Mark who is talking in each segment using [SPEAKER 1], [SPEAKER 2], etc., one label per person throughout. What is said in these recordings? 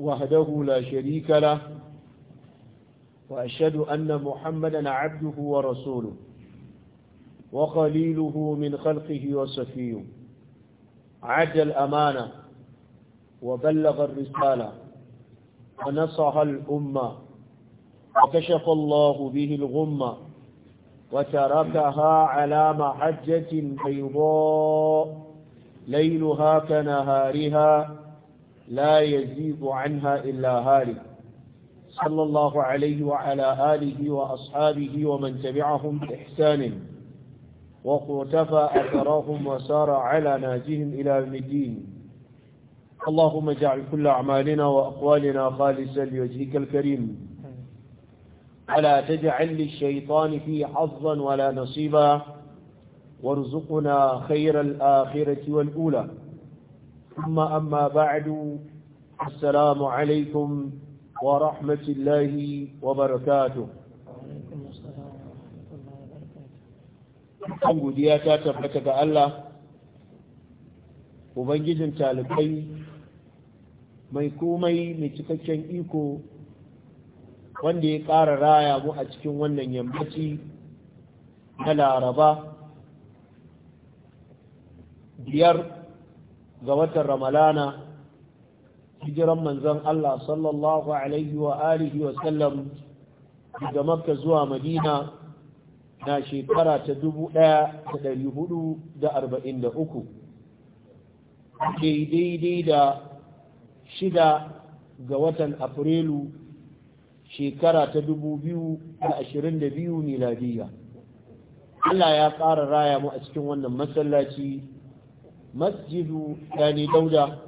[SPEAKER 1] وحده لا شريك له وأشهد أن محمدا عبده ورسوله وقليله من خلقه وصفيه عد الأمانة وبلغ الرسالة ونصح الأمة وكشف الله به الغمة وتركها على محجة بيضاء ليلها كنهارها لا يزيد عنها إلا هالك صلى الله عليه وعلى آله وأصحابه ومن تبعهم بإحسان وقتفى أثرهم وسار على ناجهم إلى المدين اللهم اجعل كل أعمالنا وأقوالنا خالصا لوجهك الكريم ألا تجعل للشيطان فيه حظا ولا نصيبا وارزقنا خير الآخرة والأولى ثم أما بعد السلام عليكم ورحمة الله وبركاته Kan godiya ta tabbata ga Allah, Ubangijin talibai mai komai mai cikakken iko wanda ya ƙara raya mu a cikin wannan yammaci na laraba biyar ga watan ramalana hijiran manzon Allah sallallahu alaihi wa alihi wa sallam daga makka zuwa madina na shekara ta 1443 daidai da shida ga watan afrilu shekara ta 2022 miladiya Allah ya ƙara raya mu a cikin wannan masallaci masjidu yani dauda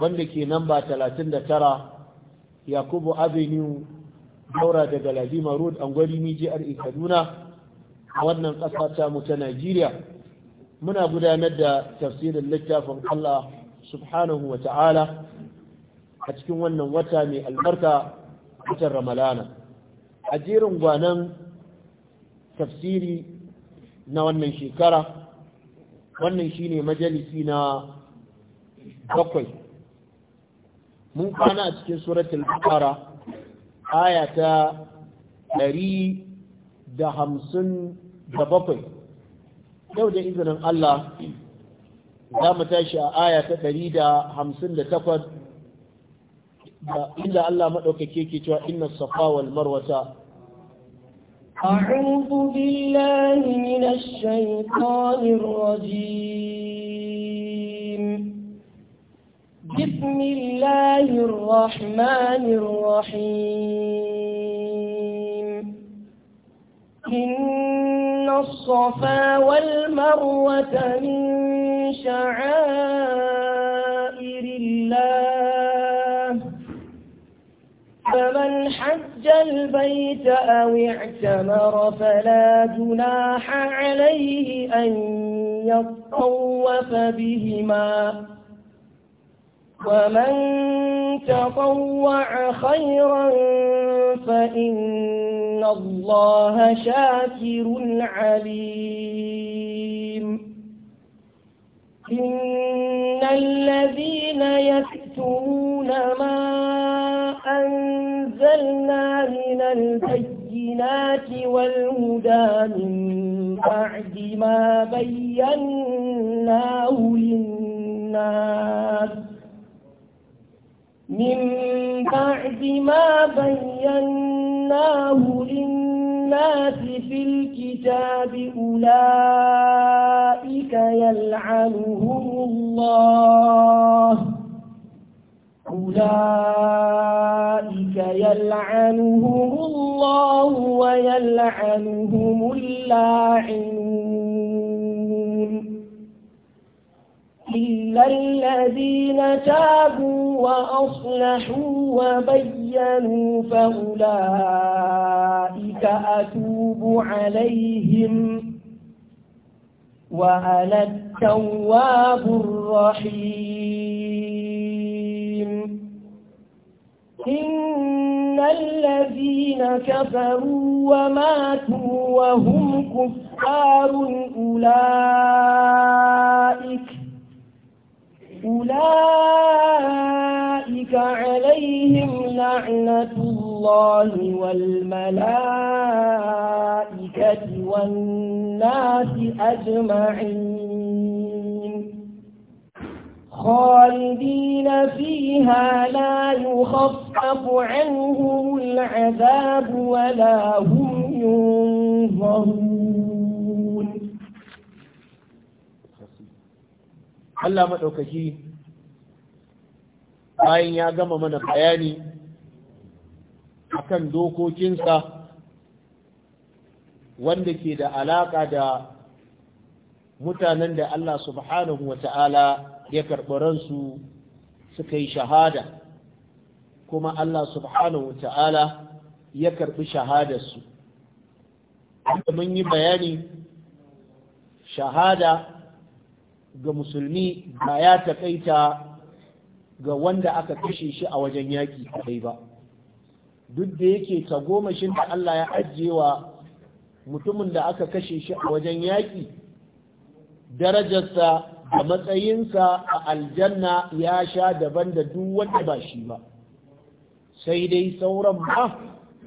[SPEAKER 1] wanda ke namba 39 yakubu avenue daura daga lazima road angwari mijiyar kaduna a wannan ƙasa ta ta najeriya muna gudanar da tafsirin littafin allah subhanahu wa ta'ala a cikin wannan wata mai albarka watan ramalana a jerin gwanan tafsiri na wannan shekara wannan shine majalisi na bakwai mun kwana a cikin suratul bukara aya ta ɗari da hamsin da bakwai yau da izinin Allah za mu tashi a aya ta ɗari da hamsin da takwas inda Allah maɗaukake ke cewa inna safa wal marwata
[SPEAKER 2] أعوذ بالله من الشيطان الرجيم بسم الله الرحمن الرحيم إن الصفا والمروة من شعائر الله فمن حج البيت أو اعتمر فلا جناح عليه أن يطوف بهما ومن تطوع خيرا فإن الله شاكر عليم إن الذين يكتمون ما أنزلنا من البينات والهدى من بعد ما بيناه للناس من بعد ما بيناه للناس في الكتاب أولئك يلعنهم الله أولئك يلعنهم الله ويلعنهم اللاعنون إلا الذين تابوا وأصلحوا وبينوا فأولئك أتوب عليهم وأنا التواب الرحيم إن الذين كفروا وماتوا وهم كفار أولئك أولئك عليهم لعنة الله والملائكة والناس أجمعين خالدين فيها لا يخفف عنهم العذاب ولا هم ينظرون
[SPEAKER 1] Allah maɗaukaki bayan ya gama mana bayani akan dokokinsa wanda ke da alaƙa da mutanen da Allah subhanahu wa ta'ala ya karɓi ransu suka yi shahada kuma Allah subhanahu ta'ala ya karɓi shahadarsu da mun yi bayani shahada ga musulmi ba ya taƙaita ga wanda aka kashe shi a wajen yaƙi kai ba duk da yake tagomashin da Allah ya ajiye wa mutumin da aka kashe shi a wajen yaƙi darajarsa a matsayinsa a aljanna ya sha daban da duk wanda ba shi ba sai dai sauran ba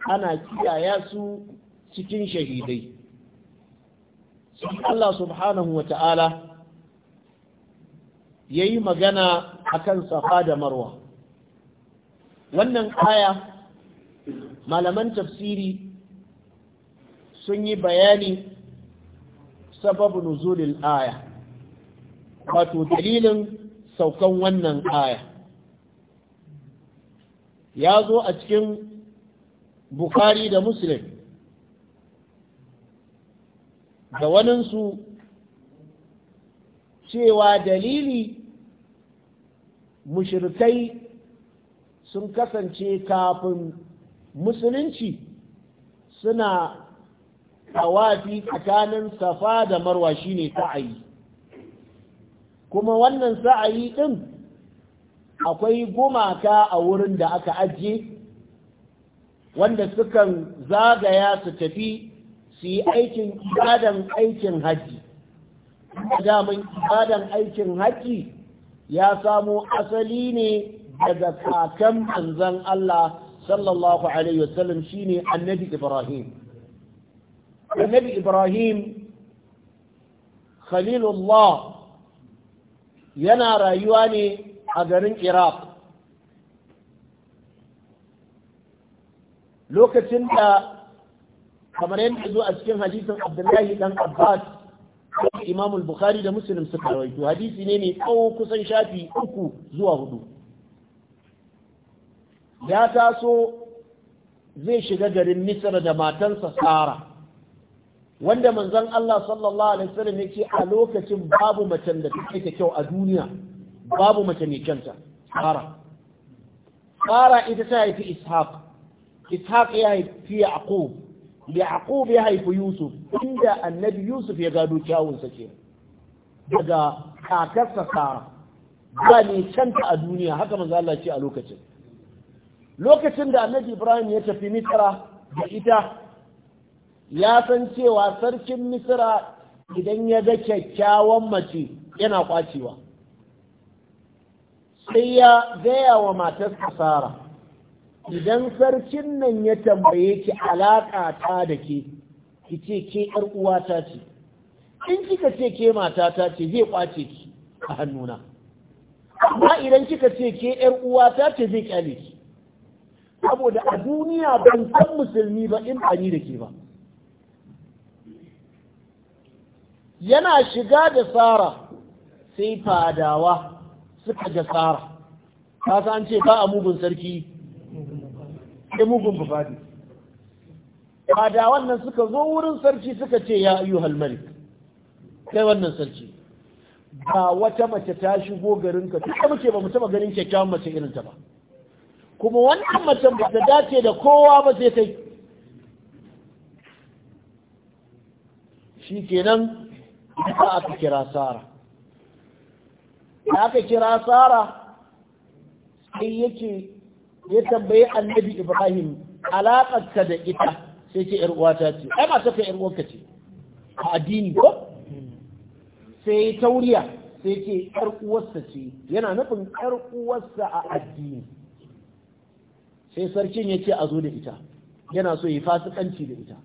[SPEAKER 1] ana kiyaya su cikin shahidai Allah subhanahu wa ta'ala ya yi magana a kan safa da marwa wannan aya malaman tafsiri sun yi bayani sababin nuzulil aya wato dalilin saukan wannan aya ya zo a cikin bukari da muslim da waninsu cewa dalili mushirkai sun kasance kafin musulunci suna tawafi tsakanin safa da marwa shine ta'ayi kuma wannan sa'ayi ɗin akwai gumaka a wurin da aka ajiye wanda sukan zagaya su tafi su yi aikin ibadan aikin haji damin ibadan aikin haji ya samo asali ne daga kakan manzan Allah sallallahu alaihi wasallam annabi Ibrahim annabi Ibrahim khalilullah yana rayuwa ne a garin iraq lokacin da kamar yadda zo a cikin hadisin abdullahi dan abbas imam bukhari da muslim suka rawaito hadisi ne mai tsawo kusan shafi uku zuwa hudu ya taso zai shiga garin misra da matansa sara wanda manzon Allah sallallahu alaihi wasallam yake a lokacin babu macen da take da kyau a duniya babu mace mai kyanta Sara Sara ita ta haifi Ishaq Ishaq ya haifi Yaqub Yaqub ya haifi Yusuf inda Annabi Yusuf ya gado kyawun sa ke daga kakarsa Sara ba mai kyanta a duniya haka manzon Allah ce a lokacin lokacin da Annabi Ibrahim ya tafi Misra da ita ya san cewa sarkin misira idan ya ga kyakkyawan mace yana kwacewa sai ya gaya wa matar sara idan sarkin nan ya tambaye ki alaƙa ta da ke ki ce ke ƴar uwata ce in kika ce ke matata ce zai kwace ki a hannuna amma idan kika ce ke ƴar uwata ce zai kyale ki saboda a duniya ban san musulmi ba in bani da ke ba yana shiga da tsara sai fadawa suka ga tsara ta san ce ba a mugun sarki sai mugun bufadi fadawan nan suka zo wurin sarki suka ce ya ayyuhal malik kai wannan sarki ba wata mace ta shigo garinka ta muke ba mu taba ganin kyakkyawan mace irin ta ba kuma wannan mace ba ta dace da kowa ba sai kai shi kenan a aka kira ya kira sara sai yake ya tambaye annabi ibrahim alaƙarsa da ita sai ce ‘yar'uwata ce ai masu ka ‘yar'uwarka ce a addini ko sai tauriya sai ce ‘yar'uwarsa ce yana nufin ‘yar'uwarsa a addini sai sarkin ya ce a zo da ita yana so yi fasikanci da ita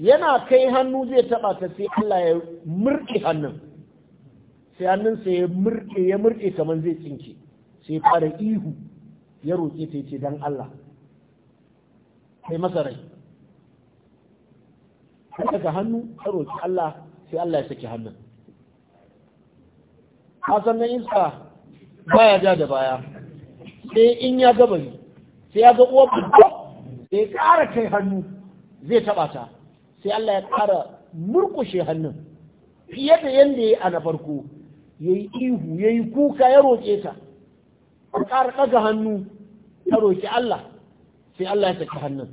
[SPEAKER 1] yana kai hannu zai taba ta sai Allah ya murke hannun sai hannunsa ya murke ya murke kamar zai tsinke sai fara ihu ya roƙe ta ce don Allah sai masa rai daga hannu ya roƙi Allah sai Allah ya saki hannun hasan na iska baya ja da baya sai in ya gabari sai ya ga uwar sai ƙara kai hannu zai taba ta sai Allah ya ƙara murƙushe hannun fiye da yadda ya yi a na farko ya yi ihu ya yi kuka ya roƙe ta a ƙara ɗaga hannu ta roƙi Allah sai Allah ya saki hannun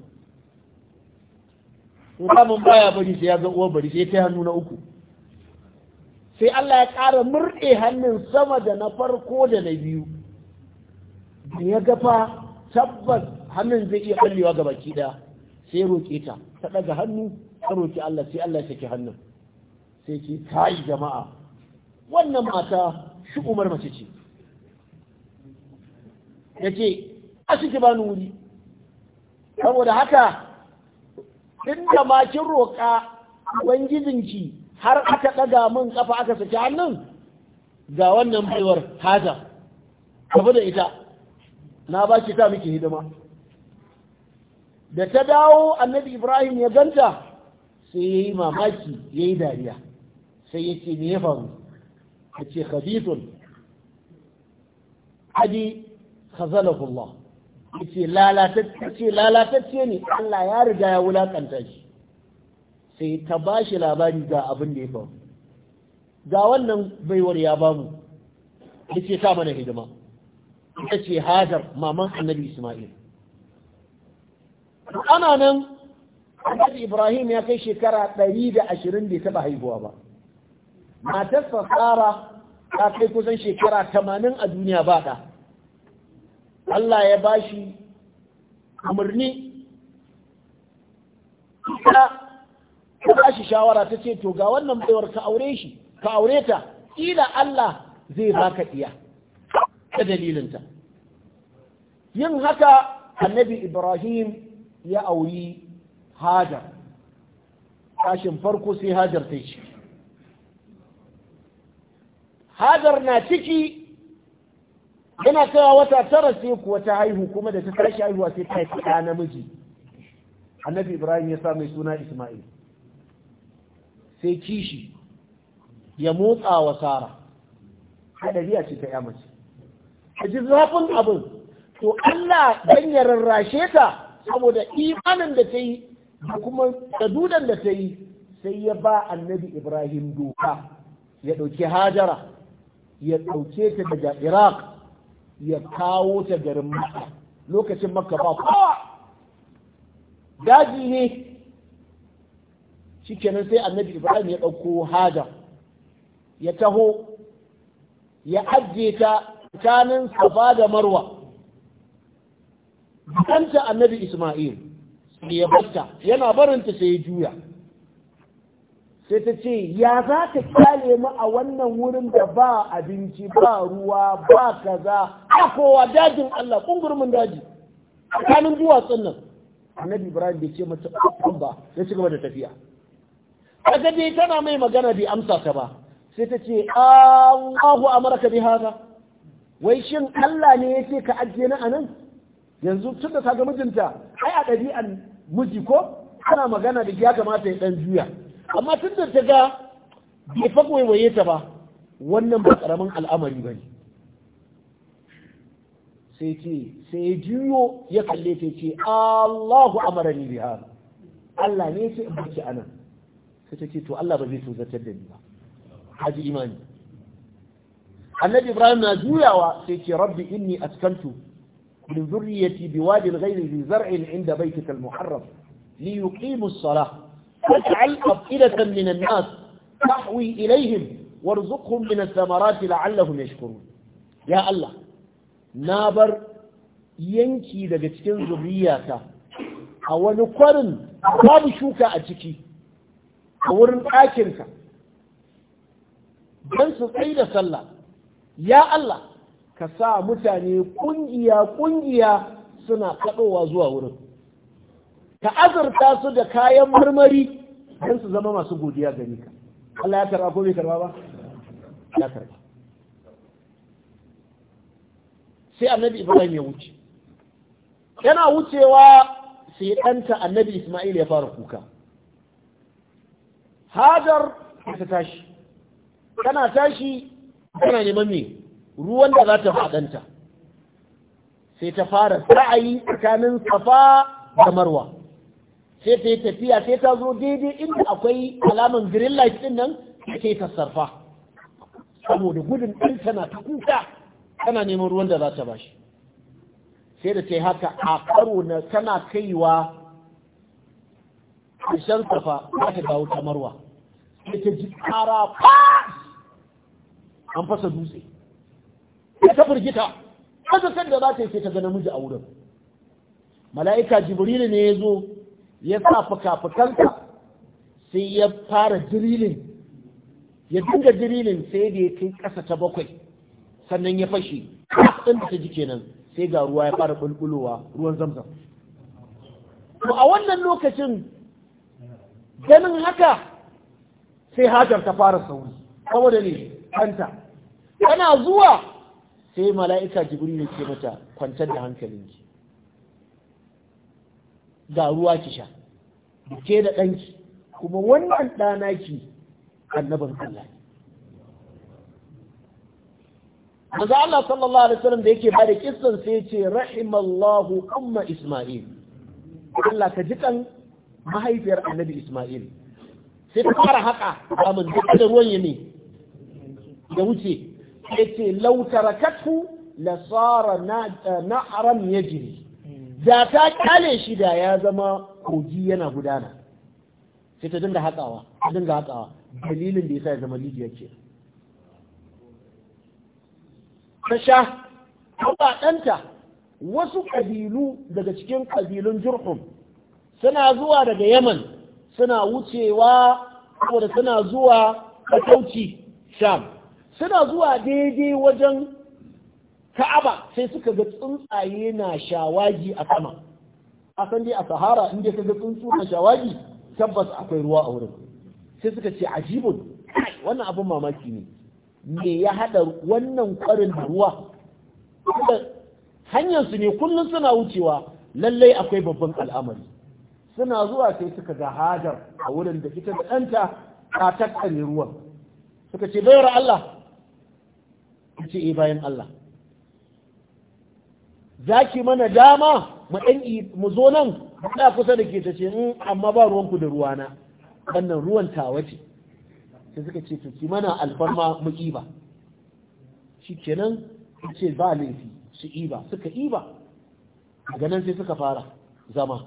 [SPEAKER 1] in kamun baya bari sai ya ga uwar bari sai ta hannu na uku sai Allah ya ƙara murɗe hannun sama da na farko da na biyu da ya gafa tabbas hannun zai iya ɓallewa ga baki ɗaya sai roƙe ta ta ɗaga hannu ka roki Allah sai Allah ya saki hannun sai ce kai jama'a wannan mata shi umar mace ce ya ce a ciki bani wuri saboda haka inda ma kin roƙa ubangijinki har aka ɗaga min ƙafa aka saki hannun ga wannan baiwar haza tafi da ita na ba ki ta miki hidima da ta dawo annabi ibrahim ya ganta sai ya yi mamaki ya yi dariya sai ya ce me ya faru a ce khabithun hadi khazalahullah ya ce lalatacce ne Allah ya riga ya wulakanta shi sai ta ba shi labari ga abin da ya faru ga wannan baiwar ya bamu ya ce ta mana hidima Ya ce hajar maman annabi ismail ana nan annabi ibrahim ya kai shekara ɗari da ashirin bai taɓa haihuwa ba sa tsara ta kai kusan shekara tamanin a duniya ba da. allah ya bashi umarni ta ba shi shawara ta ce to ga wannan baiwar ka aure shi ka aure ta ƙila allah zai baka iya ta dalilinta yin haka annabi ibrahim ya auri hajar kashin farko sai hajar ta ciki hajar na ciki yana kawo wata tara sai kuwa ta haihu kuma da ta tashi haihuwa sai ta yi ɗa namiji annabi ibrahim ya sa mai suna isma'il sai kishi ya motsa wa sara haɗari a cikin ya mace a ji zafin abin to allah dan ya ta saboda imanin da ta yi da kuma da ta yi sai ya ba annabi ibrahim doka ya ɗauki hajara ya ɗauke ta daga iraq ya kawo ta garin maka lokacin maka ba kowa daji ne shikenan sai annabi ibrahim ya ɗauko hajar ya taho ya ajiye ta tsakanin safa da marwa kanta annabi isma'il ya bata yana barinta sai ya juya sai ta ce ya za ka kyale mu a wannan wurin da ba abinci ba ruwa ba kaza a dajin Allah kungurmin daji tsakanin duwatsun nan annabi ibrahim bai ce mata ba ya ci gaba da tafiya kaga dai tana mai magana bai amsa ta ba sai ta ce Allahu Amurka bi haza wai shin Allah ne yake ka ajiye ni anan yanzu tun da ga mijinta ai a ɗabi'an miji ko tana magana da ya kamata ya ɗan juya amma tun da ta ga bai fa waiwaye ta ba wannan ba ƙaramin al'amari ba ne sai ce sai juyo ya kalle ta ce Allahu amarani bi hada Allah ne ce in baki anan sai ta ce to Allah ba zai tozartar da ni ba haji imani annabi ibrahim na juyawa sai ce rabbi inni askantu من ذريتي بواد الغير ذي زرع عند بيتك المحرم ليقيموا الصلاة فاجعل أفئدة من الناس تحوي إليهم وارزقهم من الثمرات لعلهم يشكرون يا الله نابر yanki daga cikin zuriyata a wani kwarin babu shuka a ciki a wurin ɗakinka don su tsaye da sallah ya Allah ka sa mutane kungiya kungiya suna kaɗowa zuwa wurin ka azurta su da kayan marmari don su zama masu godiya gani ka Allah ya karɓa ko bai karɓa ba ya karɓa sai annabi ibrahim ya wuce yana wucewa sai ɗanta annabi isma'il ya fara kuka hajar ta tashi tana tashi tana neman me ruwan da za ta faɗanta sai ta fara sa'ayi tsakanin safa da marwa sai ta yi tafiya sai ta zo daidai inda akwai alamun green light din nan take ta sarfa saboda gudun ɗin tana ta kuka tana neman ruwan da za ta bashi sai da ta yi haka a karo na tana kaiwa ƙarshen safa za ta dawo ta marwa sai ta ji ƙara fa an fasa dutse ta firgita san da za ta yi sai ta ga namiji a wurin mala'ika jibrilu ne ya zo ya sa fuka-fukanka sai ya fara dirilin ya dinga dirilin sai da ya kai ƙasa ta bakwai sannan ya fashe ɗin da ta ji kenan sai ga ruwa ya fara bulbulowa ruwan zamzam to a wannan lokacin ganin haka sai hajar ta fara sauri saboda ne kanta tana zuwa sai mala'ika jibril ya ce mata kwantar da hankalinki ga ruwa ki sha ke da ɗanki kuma wannan ɗana ki annabar Allah Maza Allah sallallahu Alaihi wasallam da yake ba da kisan sai ce rahimallahu amma Ismail Allah ka ji kan mahaifiyar annabi Ismail sai ta fara haka kamun da ruwan ya ne ya wuce yace law tarakathu la sara ya eh, yajri da ta kale shi da ya zama kogi yana gudana sai ta dinga hakawa ta dinga hakawa dalilin da yasa ya zama rijiya ce ta sha ɗanta wasu ƙabilu daga cikin ƙabilun jurhum suna zuwa daga yaman suna wucewa saboda suna zuwa kauci sham suna zuwa daidai wajen ka'aba sai suka ga tsuntsaye na shawagi a sama san dai a sahara inda ka ga tsuntsu na shawagi tabbas akwai ruwa a wurin sai suka ce ajibun wannan abin mamaki ne me ya haɗa wannan kwarin da ruwa hanyar su ne kullum suna wucewa lallai akwai babban al'amari suna zuwa sai suka ga hajar a wurin da ita da ɗanta ta tattare ruwan suka ce bayar Allah ta ce eh bayan Allah za ki mana dama mu ɗan mu zo nan da kusa da ke ta ce in mm, amma ba ruwanku da ruwana wannan ruwan tawa ce sai suka ce to ki mana alfarma mu ƙiba shi kenan ce ba laifi su iba suka iba a ganin sai suka fara zama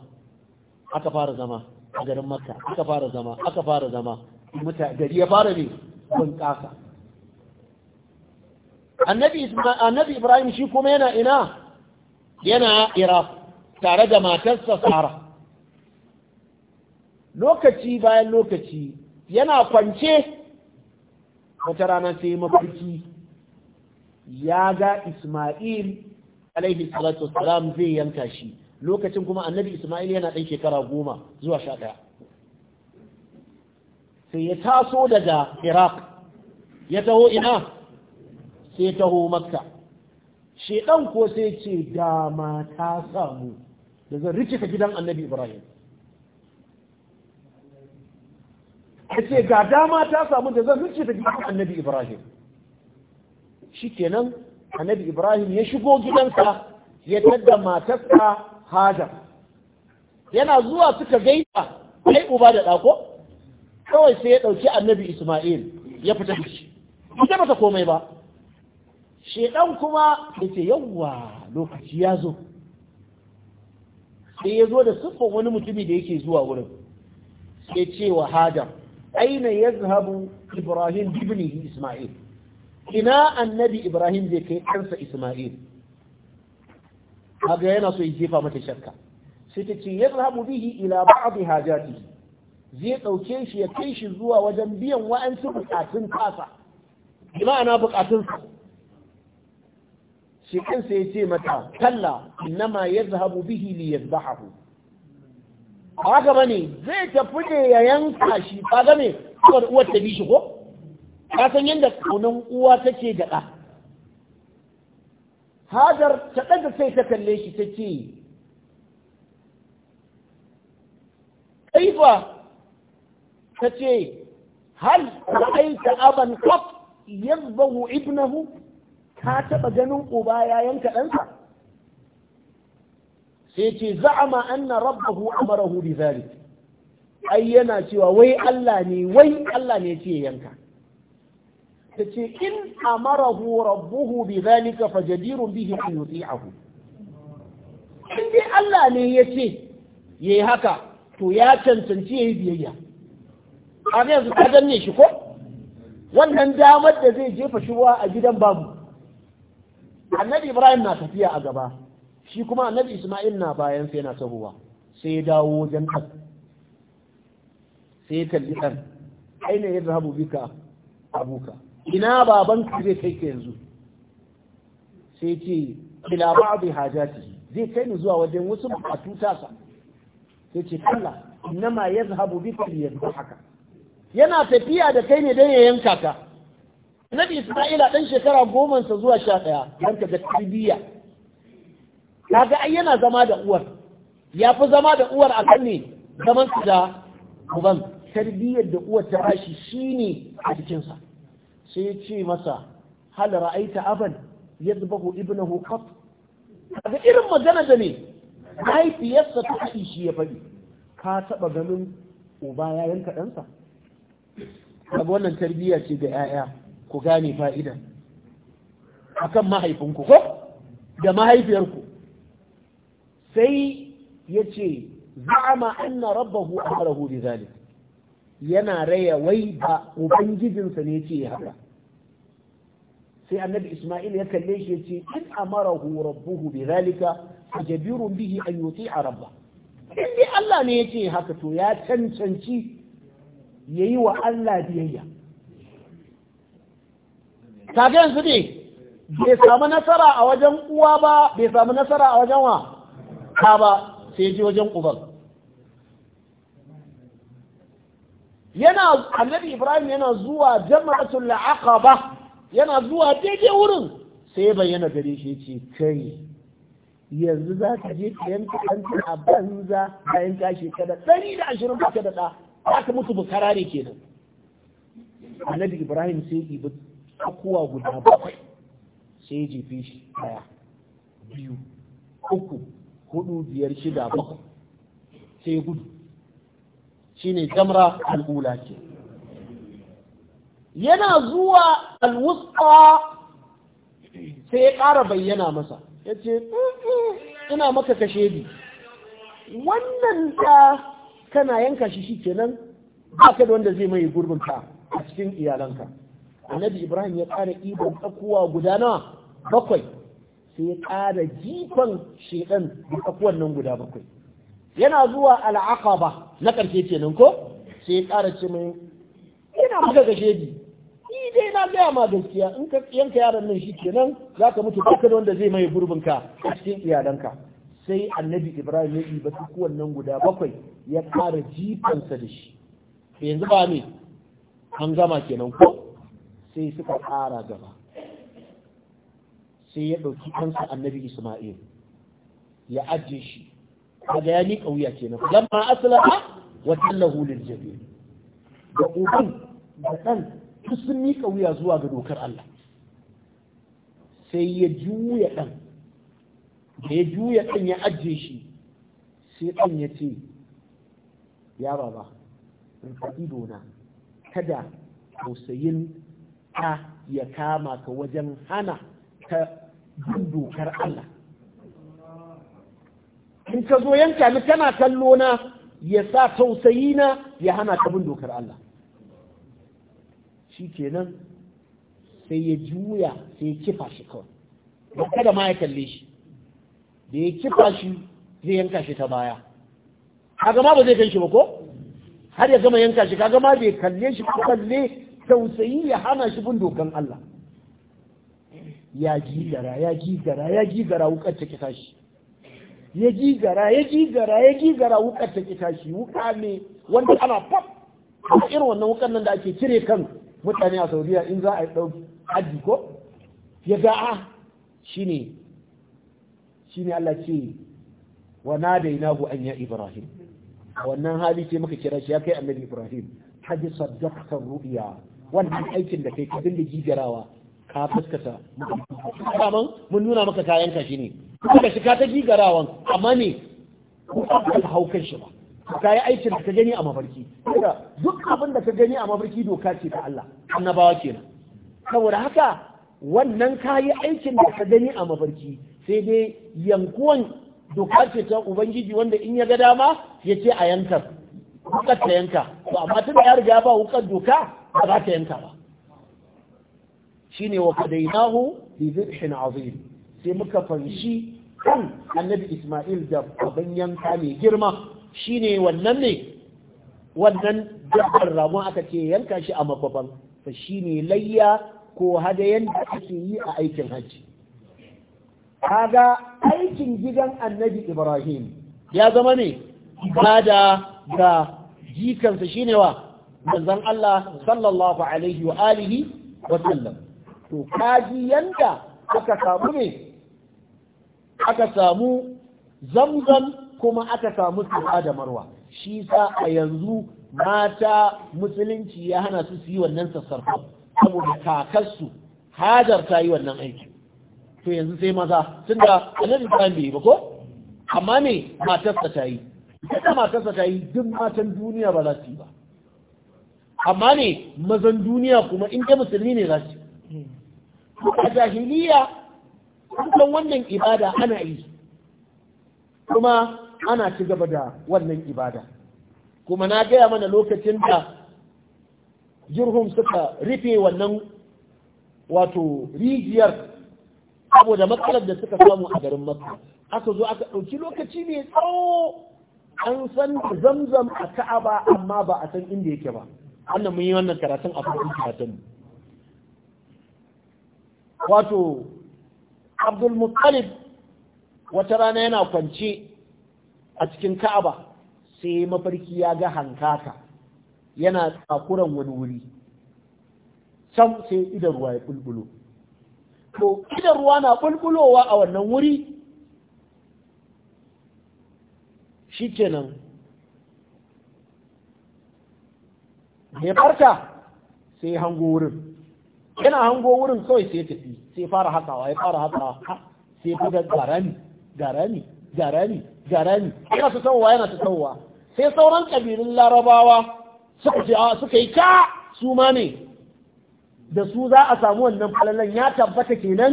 [SPEAKER 1] aka fara zama a garin makka aka fara zama aka fara zama mutane gari ya fara ne bunƙasa annabi ibrahim shi kuma yana ina yana iraq tare da matarsa sara lokaci bayan lokaci yana kwance wata rana sai mafarki ya ga isma'il alaihi salatu wassalam zai yanka shi lokacin kuma annabi isma'il yana ɗan shekara goma zuwa sha ɗaya sai ya taso daga iraq ya taho ina sai taho makka shedan ko sai ce dama ta samu da zan rikita gidan annabi ibrahim ya ce ga dama ta samu da zan rikita gidan annabi ibrahim kenan annabi ibrahim ya shigo gidansa ya tadda matarsa hajar yana zuwa suka gaita ai uba da dako kawai sai ya ɗauki annabi isma'il ya fita da shi ba ta komai ba shedan kuma yace yawwa lokaci ya zo sai ya zo da siffon wani mutumi da yake zuwa wurin sai ce wa hadar aina zahabu ibrahim ibnihi isma'il ina annabi ibrahim zai kai ɗansa isma'il Haga yana so ya jefa mata shakka sai ta ce yazhabu bihi ila ba'd hajati zai ɗauke shi ya kai shi zuwa wajen biyan wa'ansu bukatun kasa Ina ma'ana bukatun shi kansa ya ce mata talla, innama yazhabu bihi li yadhbahu haka bane zai tafi ne ya yanka shi kaga me kawai uwar ta bi shi ko ka san yadda kaunan uwa take da ɗa hajar ta ɗaga sai ta kalle shi ta ce kaifa ta ce hal ra'aita aban qat yadhbahu ibnahu ka taɓa ganin uba ya yanka ɗansa sai ce za'ama anna rabbahu amarahu bi zalik ai yana cewa wai Allah ne wai Allah ne ce yanka ta ce in amarahu rabbuhu bi zalika fajadirun bihi an yuti'ahu in dai Allah ne ya ce yayi haka to ya cancanci yayi biyayya a yanzu ka danne shi ko wannan damar da zai jefa shuwa a gidan babu annabi ibrahim na tafiya a gaba shi kuma annabi isma'il na bayan sai na tahowa sai ya dawo wajen ɗan sai ya kalli ɗan aina yadda Habu bika abuka ina baban ka zai kai ka yanzu sai ce ila haja hajati zai kai ni zuwa wajen wasu bukatu tasa sai ce kalla yadda Habu bika haka. yana tafiya da kai ne don ya yanka ka Nabi Isma'ila ɗan shekara gomansa zuwa sha ɗaya don ka ga tarbiyya. Kaga ai yana zama da uwar, ya fi zama da uwar a kan ne zaman su da uban tarbiyyar da uwar ta bashi shi ne a jikinsa. Sai ya ce masa, hal ra'aita aban yadbahu ibnahu qat. Kaga irin magana da ne mahaifiyarsa ta haɗi shi ya faɗi. Ka taɓa ganin uba ya yanka ɗansa? Kaga wannan tarbiyya ce ga 'ya'ya. ku gane fa'ida akan mahaifinku ko da mahaifiyarku sai ya ce za'ama anna rabbahu amarahu bi zalik yana raya wai ba ubangijinsa ne ce haka sai annabi isma'il ya kalle shi ya ce in amarahu rabbuhu bi zalika jabirun bihi an yuti'a rabba in dai Allah ne ya ce haka to ya cancanci yayi wa Allah biyayya kage yanzu ne bai samu nasara a wajen uwa ba bai samu nasara a wajen wa ka ba sai je wajen uban yana annabi ibrahim yana zuwa jama'atul la'aqaba yana zuwa daidai wurin sai bayyana gare shi ce kai yanzu za ka je ka yanka ɗanka a banza bayan ka shekara ɗari da ashirin ba ka da ɗa za ka mutu ne kenan annabi ibrahim sai ibi kakuwa guda bakwai sai jefe shi daya biyu uku hudu biyar shida bakwai sai gudu Shi ne jamra al'ula ce. yana zuwa alwusta sai ya ƙara bayyana masa ya ce ina maka kashe bi wannan da kana yanka shi shi kenan ba ka da wanda zai mai gurbinka a cikin iyalanka annabi ibrahim ya ƙara ibon tsakuwa guda nawa bakwai sai ya ƙara jifan shedan da tsakuwan nan guda bakwai yana zuwa al'aqaba na ƙarshe kenan ko sai ya ƙara ce mai ina maka gashe ni ni dai na gaya ma gaskiya in ka yanka yaron nan shi kenan za ka mutu ba da wanda zai mai gurbinka a cikin iyalanka sai annabi ibrahim ya ɗiba tsakuwan nan guda bakwai ya ƙara jifansa da shi yanzu ba ne an gama kenan ko sai suka ƙara gaba sai ya ɗauki kansa annabi Ismail ya ajiye shi kaga ya miƙa wuya kenan lamma aslama wa tallahu lil jabir da uban da ɗan sun miƙa wuya zuwa ga dokar Allah sai ya juya ɗan da ya juya ɗan ya ajiye shi sai ɗan ya ce ya baba in faɗi dona kada tausayin ta ya kama ka wajen hana ta bin dokar Allah in ka zo yanka ni kana kallo na ya sa tausayi na ya hana ka bin dokar Allah shi kenan sai ya juya sai ya kifa shi kawai ba kada ma ya kalle shi da ya kifa shi zai yanka shi ta baya kaga ma ba zai kai shi ba ko har ya gama yanka shi kaga ma bai kalle shi ko kalle tausayi ya hana shi bin dokan Allah ya gigara ya gigara ya gigara wukar ta kita shi ya gigara ya gigara ya gigara wukar ta kita shi wuka ne wanda ana fa irin wannan wukan nan da ake cire kan mutane a saudiya in za a yi dauki haji ko ya ga a ah, shine shine Allah ce wa nadainahu an ya ibrahim wannan hali ce muka kira shi ya kai annabi ibrahim hadi saddaqta ru'ya wannan aikin da kai ka dinga gigarawa ka fuskata mun mun nuna maka kayan ka shine kuma shi ka ta gigarawan amma ne ko ka hau kan shi ba ka yi aikin da ka gani a mafarki duk abin da ka gani a mafarki doka ce ta Allah annabawa kenan saboda haka wannan ka yi aikin da ka gani a mafarki sai dai yankuwan doka ce ta ubangiji wanda in ya ga dama ya ce a yankar wukar ta yanka to amma tun da ya riga ba wukar doka ba za ta yanka ba shine wa fadainahu bi zibhin azim sai muka fanshi kan annabi Isma'il da abin yanka mai girma ne wannan ne wannan dabbar ragon aka ce yanka shi a mababan fa ne layya ko hadayen da ake yi a aikin hajji kaga aikin gidan annabi Ibrahim ya zama ne da ga jikansa ne wa manzon Allah sallallahu alaihi wa alihi wa sallam to kaji yanda aka samu ne aka samu zamzam kuma aka samu safa da marwa shi sa a yanzu mata musulunci ya hana su su yi wannan sassarfa saboda kakarsu hajar ta yi wannan aiki to yanzu sai maza tun da annabi ibrahim bai yi ba ko amma me matarsa ta yi ita matarsa ta yi duk matan duniya ba za su yi ba amma ne mazan duniya kuma in dai musulmi ne za
[SPEAKER 2] su
[SPEAKER 1] a jahiliya kusan wannan ibada ana yi kuma ana ci gaba da wannan ibada kuma na gaya mana lokacin da jirhum suka rufe wannan wato rijiyar saboda matsalar da suka samu a garin makka aka zo aka ɗauki lokaci mai tsawo an san zamzam a ka'aba amma ba a san inda yake ba Allah mun yi wannan karatun a farkon karatun wato abdul muttalib wata rana yana kwance a cikin ka'aba sai mafarki ya ga hankaka yana tsakuran wani wuri sam sai idan ruwa ya bulbulo to idan ruwa na bulbulowa a wannan wuri shikenan bai farka sai hango wurin yana hango wurin kawai sai tafi sai fara hatsawa ya fara hatsawa sai da garami garami garami garami yana su tsawowa yana su tsawowa sai sauran kabilun larabawa suka suka yi ka su ma ne da su za a samu wannan falalan ya tabbata kenan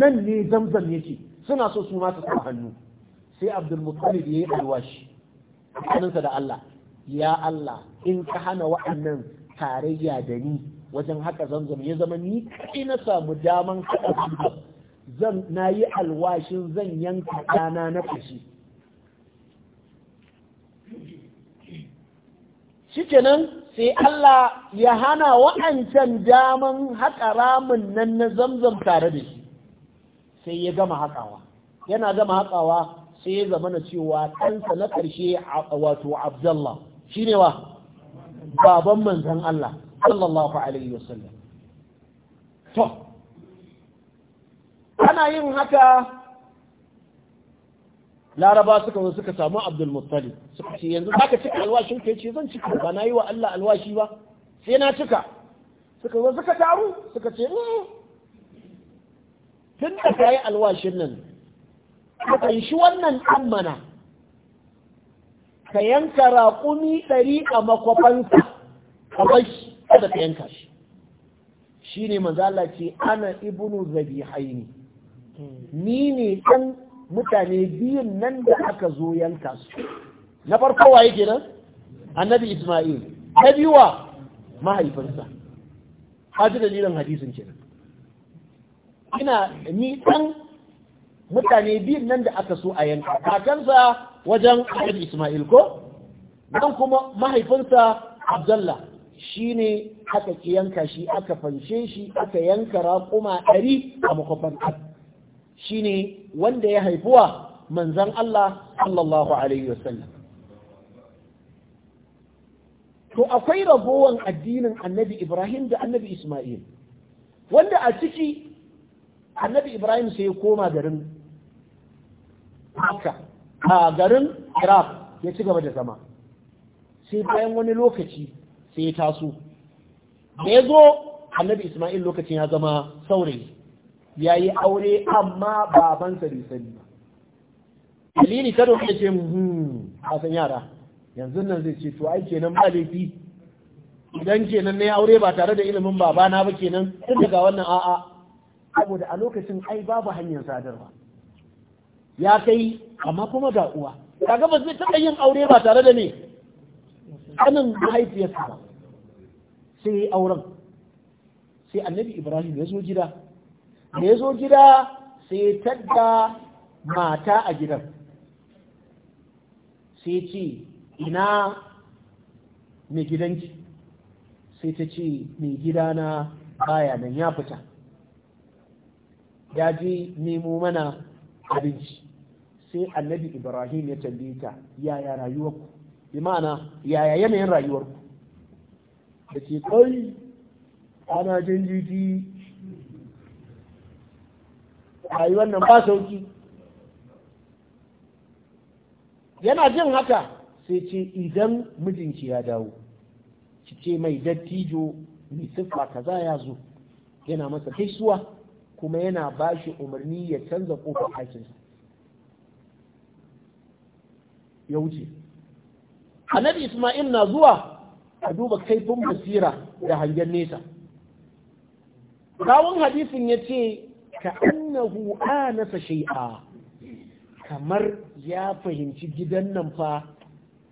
[SPEAKER 1] nan ne zamzam yake suna so su ma su sa hannu sai abdul ya yayi alwashi kanansa da Allah ya Allah in ka hana wa'annan tarayya da ni wajen haka zamzam ya zama ni kai na samu daman haɗa zamzam zan na yi alwashin zan yanka ɗana na fushi shikenan sai Allah ya hana wa'ancan daman haƙa ramin nan na zamzam tare da shi sai ya gama haƙawa yana gama haƙawa sai ya zama na cewa ɗansa na ƙarshe wato abdullah Shi ne wa baban manzon Allah sallallahu alaihi wasallam to ana yin haka laraba suka zo suka samu abdul muttalib suka ce yanzu za ka cika alwashin ka yace zan cika ba na yi wa Allah alwashi ba sai na cika suka zo suka taru suka ce eh. tun da ka yi alwashin nan ka shi wannan dan mana ka yanka raƙumi ɗari a makwafansa a bashi, kada ka yanka shi shi ne manzala ce ana ibnu zabihaini ni ne ɗan mutane biyun nan da aka zo yanka su na farko waye kenan annabi isma'il na biyu wa mahaifinsa haji dalilin hadisin kenan ina ni ɗan mutane biyun nan da aka so a yanka kakansa wajen Ahmad Ismail ko Nan kuma mahaifinsa Abdullah shine aka ki yanka shi aka fanshe shi aka yanka raƙuma ɗari a Shi ne wanda ya haifuwa manzan Allah sallallahu alaihi wasallam to akwai ragowan addinin annabi Ibrahim da annabi Ismail wanda a ciki annabi Ibrahim sai ya koma garin haka a garin iraq ya ci gaba da zama sai bayan wani lokaci sai ya taso da ya zo annabi isma'il lokacin ya zama saurayi ya yi aure amma babansa bai sani ba dalili ta doka ce hmm san yara yanzu nan zai ce to ai kenan ba laifi idan kenan na aure ba tare da ilimin babana ba kenan tun daga wannan a'a saboda a lokacin ai babu hanyar sadarwa ya kai amma kuma ga uwa kaga ba zai taɓa yin aure ba tare da ne kanin mahaifiyarsa ba sai ya yi auren sai annabi ibrahim ya zo gida ya zo gida sai ya tadda mata a gidan sai ce ina mai gidanki sai ta ce mai gidana baya nan ya fita ya ji nemo mana abinci sai annabi ibrahim ya tambaye ta yaya rayuwarku bi ma'ana yaya yanayin rayuwarku da ke kai ana jin jiji rayuwar nan ba sauki yana jin haka sai ce idan mijinki ya dawo ki ce mai dattijo mai siffa kaza ya zo yana masa gaisuwa kuma yana bashi umarni ya canza ƙofar aikinsa ya wuce annabi isma'il na zuwa a duba kaifin basira da hangen nesa kawun hadisin ya ce ka annahu anasa shai'a, kamar ya fahimci gidan nan fa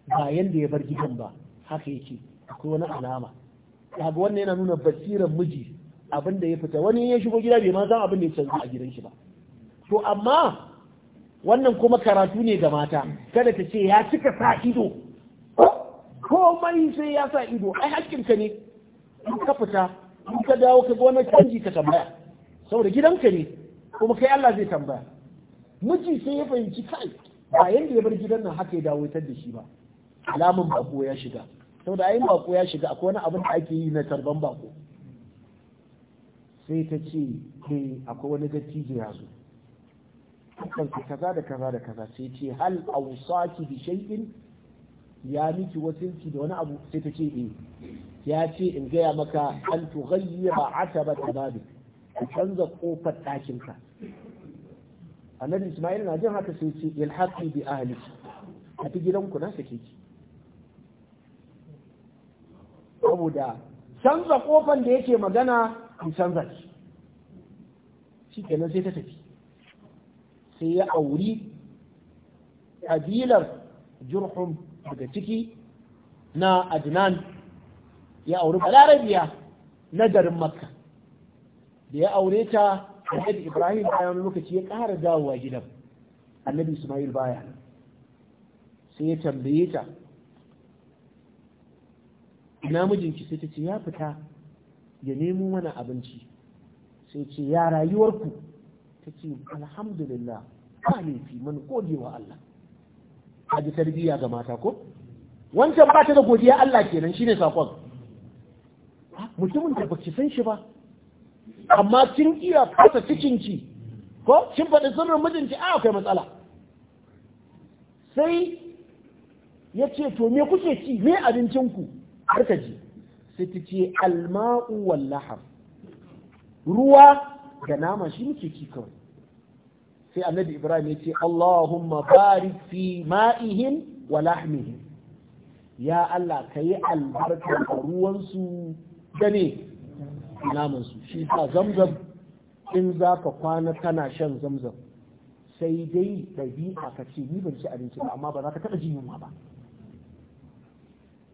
[SPEAKER 1] ba da ya bar gidan ba haka yake akwai wani alama daga wannan yana nuna basirar miji abin da ya fita wani ya shigo gida bai ma san abin da ya canza a gidan shi ba to amma wannan kuma karatu ne ga mata kada ta ce ya cika sa ido komai sai ya sa ido ai hakkinka ne ka fita ka dawo ka ga wani canji ka tambaya saboda gidanka ne kuma kai Allah zai tambaya miji sai ya fahimci kai ba yanda ya bar gidan nan haka ya dawo tar da shi ba alamun bako ya shiga saboda ayin bako ya shiga akwai wani abin da ake yi na tarban bako sai ta ce eh, akwai wani dattijo ya zo kanka kaza da kaza da kaza sai ce hal awsaki bi shay'in ya miki wasilci da wani abu sai ta ce eh ya ce in gaya maka an tughayyira atabata babi ku canza kofar ɗakin ka annabi isma'il na jin haka sai ce ilhaqi bi ahli a fi gidanku na sake ki saboda canza kofan da yake magana in canza shi shikenan sai ta tafi sai ya auri ƙabilar jurhum daga ciki na adnan ya auri balarabiya na garin makka da ya aure ta annabi ibrahim bayan lokaci ya ƙara dawowa gidan annabi ismail baya sai ya tambaye ta ina mijinki sai ta ce ya fita ya nemo mana abinci sai ce ya rayuwarku ta ce alhamdulillah ba laifi mun gode wa Allah a ji tarbiyya ga mata ko wancan ba ta da godiya Allah kenan shine sakon mutumin da baki san shi ba amma kin iya fasa cikin ki ko kin faɗi sirrin mijinki a akwai matsala sai ya ce to me kuke ci me ku harka ji sai ta ce alma'u ruwa da nama shi muke ci kawai sai annabi ibrahim ya ce allahumma barik fi ma'ihim wa lahmihim ya allah ka yi albarka a ruwansu da ne namansu shi sa zamzam in za ka kwana kana shan zamzam sai dai ɗabi'a ka ce ni ban ci abinci ba amma ba za ka taɓa jin yunwa ba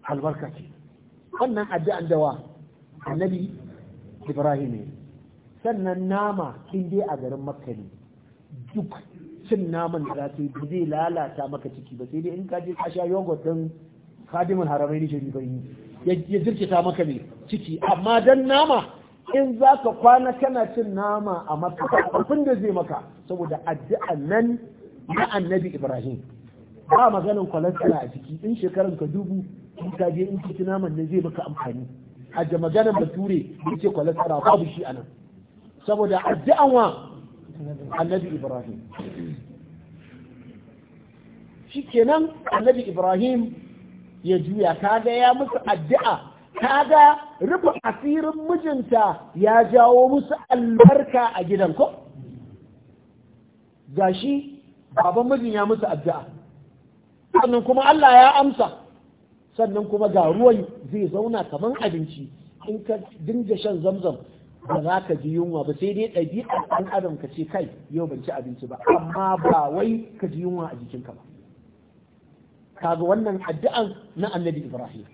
[SPEAKER 1] albarka ce wannan addu'an dawa annabi ibrahim ne sannan nama in dai a garin makka ne duk cin naman da zai lalata maka ciki ba sai dai in ka je ka sha yogurt din kadimin haramai ne shari'ai ya jirkita maka ne ciki amma dan nama in za ka kwana kana cin nama a maka abin da zai maka saboda addu'a nan na annabi ibrahim ba maganin kwalantana a ciki in shekaran ka dubu in ka je in kici naman ne zai maka amfani hajja maganin bature da ce kwalantana babu shi a nan saboda addu'an wa annabi ibrahim shi kenan annabi ibrahim ya juya ga ya musu addu'a kaga rufe asirin mijinta ya jawo musu albarka a gidan ko shi baban mijin ya musu addu'a sannan kuma Allah ya amsa sannan kuma ga ruwan zai zauna kaman abinci in ka dinga shan zamzam ba za ka ji yunwa ba sai dai ɗabi'a ɗan adam ka ce kai yau ban ci abinci ba amma ba wai ka ji yunwa a jikinka ba kaga wannan addu'an na annabi ibrahim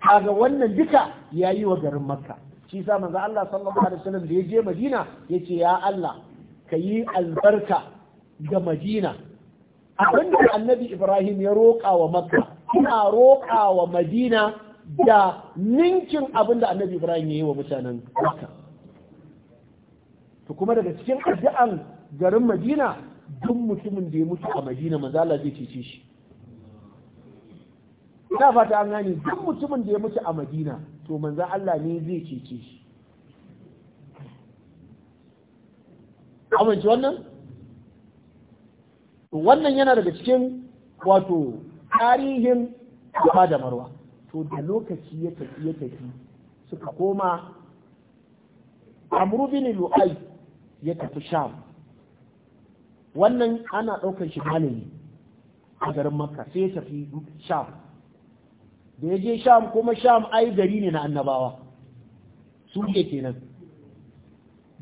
[SPEAKER 1] kaga wannan duka ya yi wa garin makka shi sa manzo Allah sallallahu alaihi wasallam da ya je madina yace ya Allah ka yi albarka ga madina abinda annabi ibrahim ya roƙa wa makka ina roƙa wa madina da ninkin abin da annabi ibrahim ya yi wa mutanen makka to kuma daga cikin addu'an garin Madina duk mutumin da ya mutu a Madina manzo Allah zai cece shi ina fata an gane duk mutumin da ya mutu a Madina to manzo Allah ne zai cece shi amince wannan wannan yana daga cikin wato tarihin kafa da Marwa to da lokaci ya tafi ya tafi suka koma Amru bin Lu'ay ya tafi sham wannan ana ɗaukar shi malami a garin makka sai ya tafi sham da ya je sham kuma sham ai gari ne na annabawa su ke kenan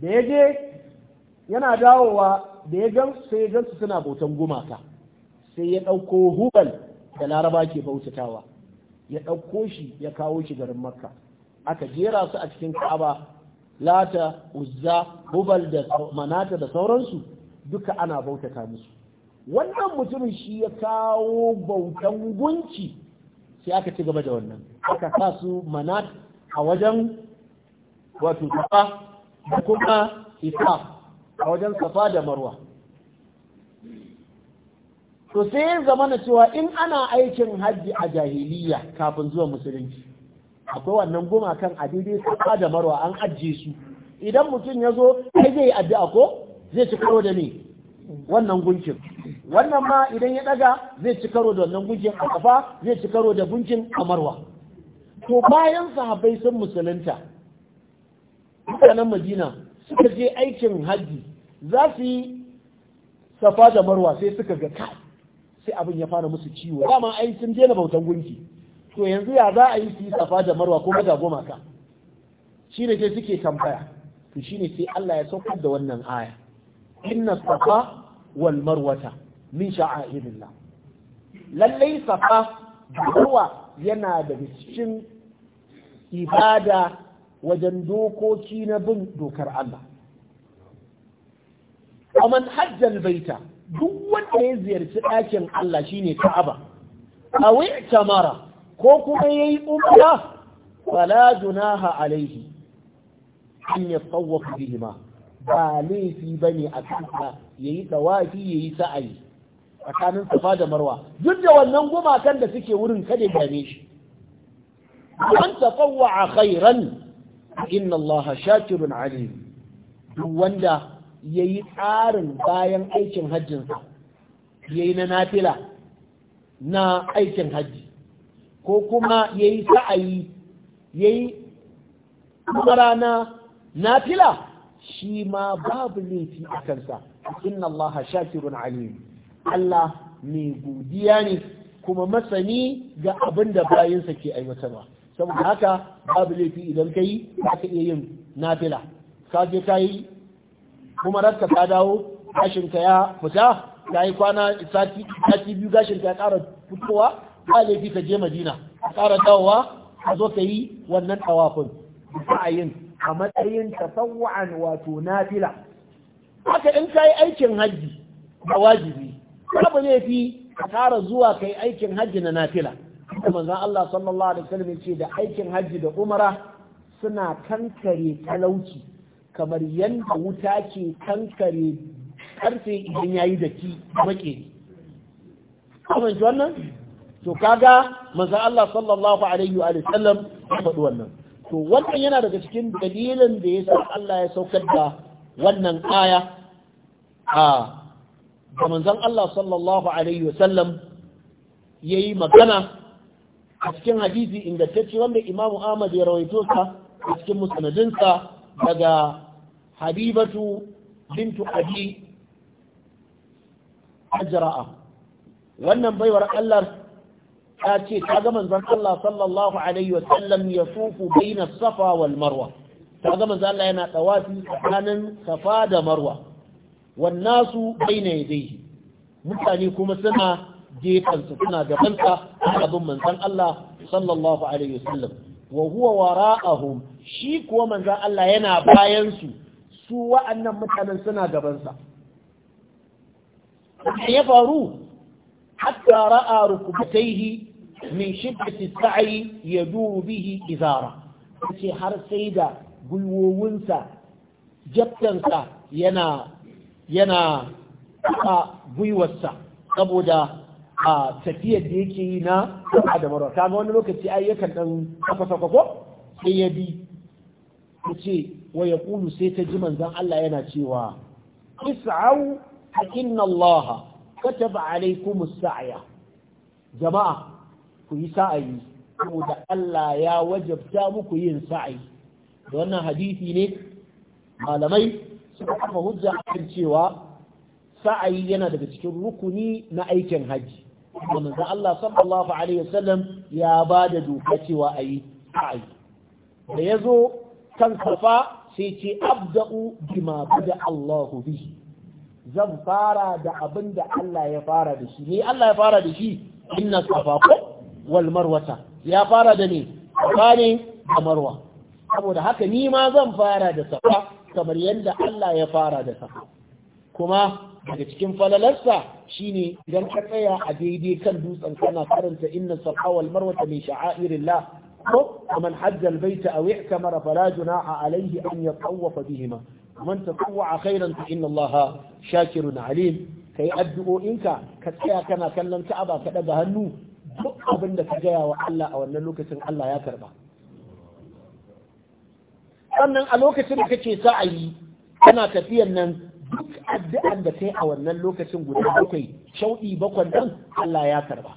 [SPEAKER 1] da ya je yana dawowa da ya gan sai ya su suna bautan gumaka sai ya ɗauko hubal da laraba ke bautatawa ya ɗauko shi ya kawo shi garin makka aka jera su a cikin ka'aba lata uzza hubal da manata da sauransu duka ana bautata musu wannan mutumin shi ya kawo bautan gunci sai aka ci gaba da wannan aka sa su manat a wajen wato safa da kuma isa a wajen safa da marwa Sosai sai zamana cewa in ana aikin hajji a jahiliya kafin zuwa musulunci akwai wannan gumakan a daidai safa da marwa an ajiye su idan mutum ya zo ai zai yi addu'a ko zai ci karo da me wannan gunkin wannan ma idan ya daga zai ci karo da wannan gunkin a kafa zai ci karo da gunkin a marwa to bayan sahabbai sun musulunta mutanen madina suka je aikin hajji za su yi safa da marwa sai suka ga kai sai abin ya fara musu ciwo dama ai sun daina bautan gunki to yanzu ya za a yi su yi safa da marwa ko maza goma ka shi ne sai suke tambaya to shi ne sai Allah ya saukar da wannan aya inna safa wal marwata min sha'airillah lallai safa da marwa yana da cikin ibada wajen dokoki na bin dokar Allah ومن حج baita, duk wanda ya ziyarci ɗakin Allah shine Ka'aba aw i'tamara ko kuma yayi umra fala junaha alaihi an yatawaf bihima ba laifi ne a yi yayi ya yayi sa'ayi tsakanin safa da marwa duk da wannan gumakan da suke wurin kada dame shi man a khairan inna Allah shakirun alim duk wanda ya yi tsarin bayan aikin hajjinsa ya yi na nafila na aikin hajji ko kuma ya yi sa'ayi ya yi na nafila shi ma babu laifi a kansa inna Allah shakirun alim Allah mai godiya ne kuma masani ga abin da bayansa ke aiwatarwa saboda haka babu laifi idan ka yi za ka iya yin nafila ka je ka yi kuma ranka ka dawo gashinka ya fita ka yi kwana sati biyu gashinka ya ƙara fitowa ba laifi ka je madina a ƙara dawowa ka zo ka yi wannan tawafin sa'ayin a matsayin tasawwa'an wato nafila haka in ka yi aikin hajji da wajibi babu laifi ka ƙara zuwa ka yi aikin hajji na nafila da manzon Allah sallallahu alaihi wasallam ce da aikin hajji da umara suna kankare talauci kamar yadda wuta ke kankare karfe idan yayi da ki maƙeri Kuma wannan to kaga manzo Allah sallallahu alaihi wa sallam ya faɗi wannan to wannan yana daga cikin dalilin da yasa Allah ya saukar da wannan aya a ga manzon Allah sallallahu alaihi wa sallam yayi magana a cikin hadisi ingantacce wanda Imam Ahmad ya rawaito sa a cikin musnadinsa daga Habibatu bintu Abi Ajra'a wannan baiwar Allah ta ce ta ga manzon Allah sallallahu alaihi wasallam ya sufu baina safa wal marwa ta ga manzon Allah yana tawafi tsakanin safa da marwa wan nasu baina yadayhi mutane kuma suna gefen su suna gaban sa abin manzon Allah sallallahu alaihi wasallam wa huwa wara'ahum shi kuwa manzon Allah yana bayan su su wa'annan mutanen suna gaban sa ya faru hatta ra'a rukubataihi min shiddati sa'i yaduru bihi izara yace har sai da gwiwowinsa jabtansa yana yana a gwiwarsa saboda a tafiyar da yake yi na sa'a da marwa kaga wani lokaci ai yakan dan kafa ko sai ya bi yace wa ya kulu sai ta ji manzon Allah yana cewa is'au inna Allah kataba alaykumus sa'ya jama'a ku yi sa'ayi saboda Allah ya wajabta muku yin sa'ayi da wannan hadisi ne malamai suka kafa hujja akan cewa sa'ayi yana daga cikin rukuni na aikin haji manzo Allah sallallahu alaihi wasallam ya ba da doka cewa ayi sa'ayi da yazo kan safa sai ce abda'u bima bada Allahu bihi zan fara da abin da Allah ya fara da shi ne Allah ya fara da shi inna safa ko walmarwata ya fara da ne tsakanin da marwa saboda haka ni ma zan fara da safa kamar yadda Allah ya fara da safa kuma daga cikin falalarsa shine idan ka tsaya a daidai kan dutsen kana karanta inna safa wal marwata min sha'airillah ko man hajja al baita aw i'tamara fala junaha alayhi an yatawafa bihima man tatawwa khairan fa inna Allah shakirun alim kai addu'o'inka ka tsaya kana kallon Ka'aba ka daga hannu duk abin da ka gaya wa Allah a wannan lokacin Allah ya karba sannan a lokacin da kake sa a yi kana tafiyan nan duk addu'an da kai a wannan lokacin guda bakwai shauɗi bakwan nan Allah ya karba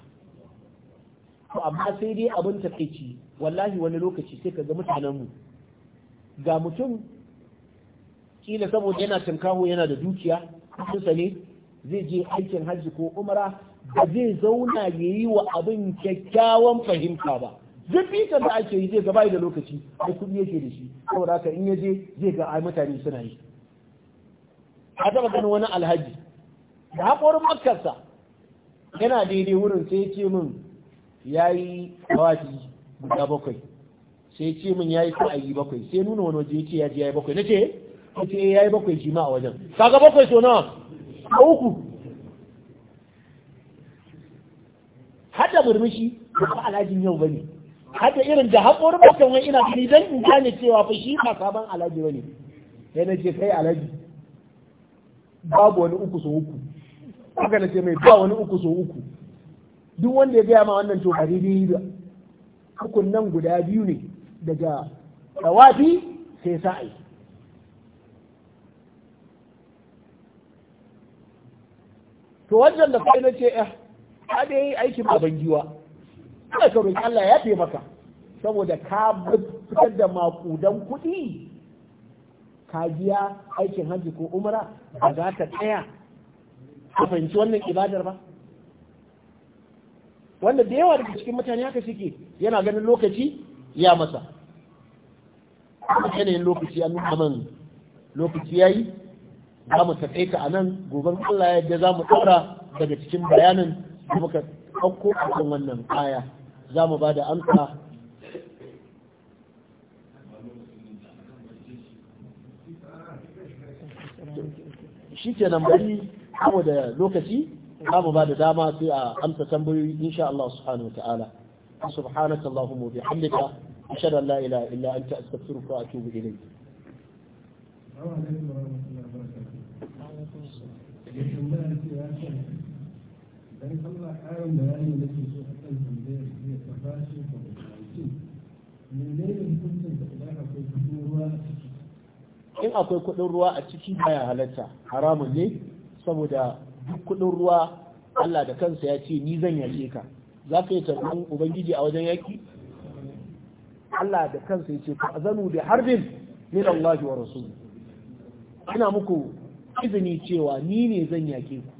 [SPEAKER 1] to amma sai dai abin ta takeici wallahi wani lokaci sai ka ga mutanen mu ga mutum kila saboda yana tinkaho yana da dukiya sun ne zai je aikin hajji ko umara ba zai zauna ya yi wa abin kyakkyawan fahimta ba fitar da ake yi zai gaba da lokaci da kuɗi yake da shi saboda haka in ya je zai ga ai mutane suna yi a taɓa ganin wani alhaji da haƙorin makarsa yana daidai wurin sai ya ce min ya yi tawafi guda bakwai sai ya ce min ya yi sa'ayi bakwai sai nuna wani waje ya ce ya ji ya yi bakwai na ce ya ce eh, ya yi bakwai shi ma a wajen kaga bakwai so nawa a uku hada murmushi ba alajin yau bane hada irin da haƙorin kan wani ina gani dan in gane cewa fa shi ba saban alhaji bane sai na ce kai alhaji babu wani uku so uku haka na ce mai ba wani uku so uku duk wanda ya gaya ma wannan to ba daidai ba hukun nan guda biyu ne daga tawafi sai sa'i to wajen da kai na ce eh ka da yi aikin baban giwa kada ka roƙi Allah ya taimaka saboda ka fitar da makudan kuɗi ka biya aikin hajji ko umara ba za ka tsaya ka fahimci wannan ibadar ba wanda da yawa daga cikin mutane haka suke yana ganin lokaci ya masa yanayin lokaci an nuna man lokaci ya yi, za mu taƙaita a nan goben Allah yadda za mu ɗora daga cikin bayanin muka ɗauko a kan wannan aya za mu ba da amsa
[SPEAKER 2] shi ke nan bari kamu
[SPEAKER 1] da lokaci za mu ba da dama sai a amsa tambayoyi insha Allah subhanahu wa ta'ala subhanaka Allahumma bihamdika ashhadu an la ilaha illa anta astaghfiruka wa atubu ilayk
[SPEAKER 2] Thank you. dan Allah ƙarin bayani da ke so a kan tambayar jiya shi ko da
[SPEAKER 1] shi ne, mutum menene hukuncin da ka kai kuɗin ruwa a ciki in akwai kuɗin ruwa a ciki baya halatta haramun ne saboda duk kuɗin ruwa Allah da kansa ya ce ni zan yaƙe ka za ka yi tarban ubangiji a wajen yaƙi Allah da kansa ya ce ku azanu da harbin min Allah wa rasul ina muku izini cewa ni ne zan yaƙe ku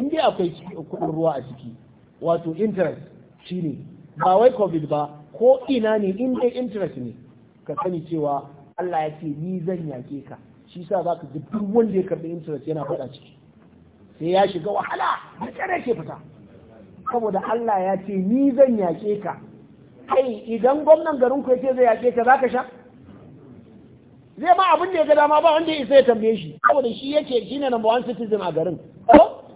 [SPEAKER 1] in dai akwai kuɗin ruwa a ciki wato interest shi ne. ba wai covid ba ko ina ne in dai interest ne ka sani cewa Allah ya ce ni zan yake ka shi sa za ka duk wanda ya karɓi interest yana faɗa ciki sai ya shiga wahala da tsare ke fita saboda Allah ya ce ni zan yake ka kai idan gwamnan garin ku yake zai yake ka za ka sha zai ma abin da ya ga dama ba wanda ya isa ya tambaye shi saboda shi yake shine number one citizen a garin ko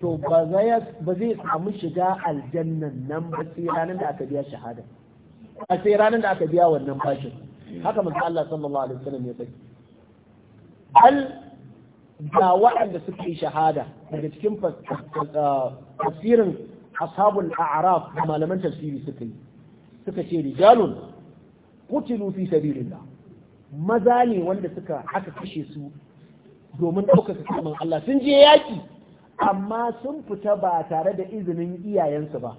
[SPEAKER 1] to ba zai samu shiga aljannan nan ba sai ranar da aka biya shahada a sai ranar da aka biya wannan bashin haka manzo Allah sallallahu alaihi wasallam ya faɗi al ga waɗanda suka yi shahada daga cikin ah, tafsirin ashabul a'raf da malaman tafsiri suka yi suka ce rijalun qutilu fi sabilillah maza ne wanda suka aka kashe su domin ɗaukaka kalmar Allah sun je yaki amma sun fita ba tare da izinin iyayensu ba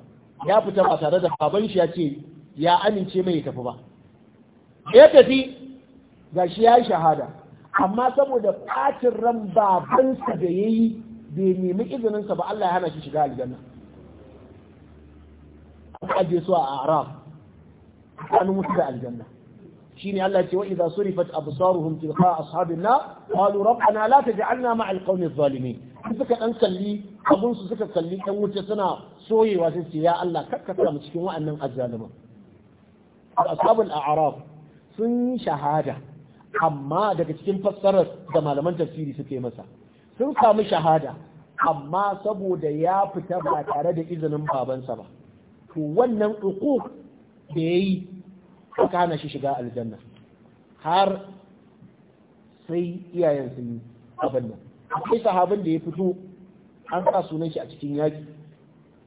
[SPEAKER 1] ya fita ba tare da baban shi ya ce ya amince mai ya tafi ba ya tafi ga shi ya shahada amma saboda ɓacin ran babansa da ya yi bai nemi izininsa ba Allah ya hana shi shiga aljanna aje su a arab tsakanin mutu da aljanna shine Allah ce wa idza surifat absaruhum tilqa ashabin nar qalu rabbana la taj'alna ma'al qawmi adh-dhalimin suka dan kalli abun su suka kalli dan wuce suna soyewa sai ce ya Allah kakka mu cikin wa'annan azzaluma ashabul Arab sun yi shahada amma daga cikin fassarar da malaman tafsiri suke masa sun samu shahada amma saboda ya fita ba tare da izinin babansa ba to wannan uku da yayi aka shi shiga aljanna har sai iyayen sun yi abin nan akwai sahabin da ya fito an sa sunan shi a cikin yaki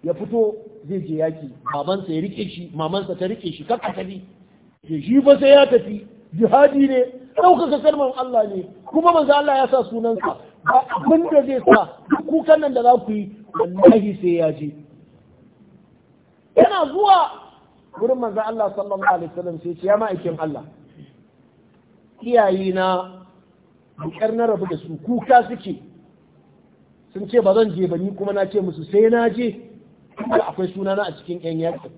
[SPEAKER 1] ya fito zai je yaki babansa ya rike shi mamansa ta rike shi kakka tafi je shi ba sai ya tafi jihadi ne ɗaukaka sarman Allah ne kuma manzo Allah ya sa sunansa ba abin da zai sa kukan nan da za ku yi wallahi sai ya je yana zuwa wurin manzo Allah sallallahu alaihi wasallam sai ya aikin Allah Iyayena. bukar na rabu da su kuka suke sun ce ba zan je ba ni kuma na ce musu sai na je akwai akwai sunana a cikin yan yakin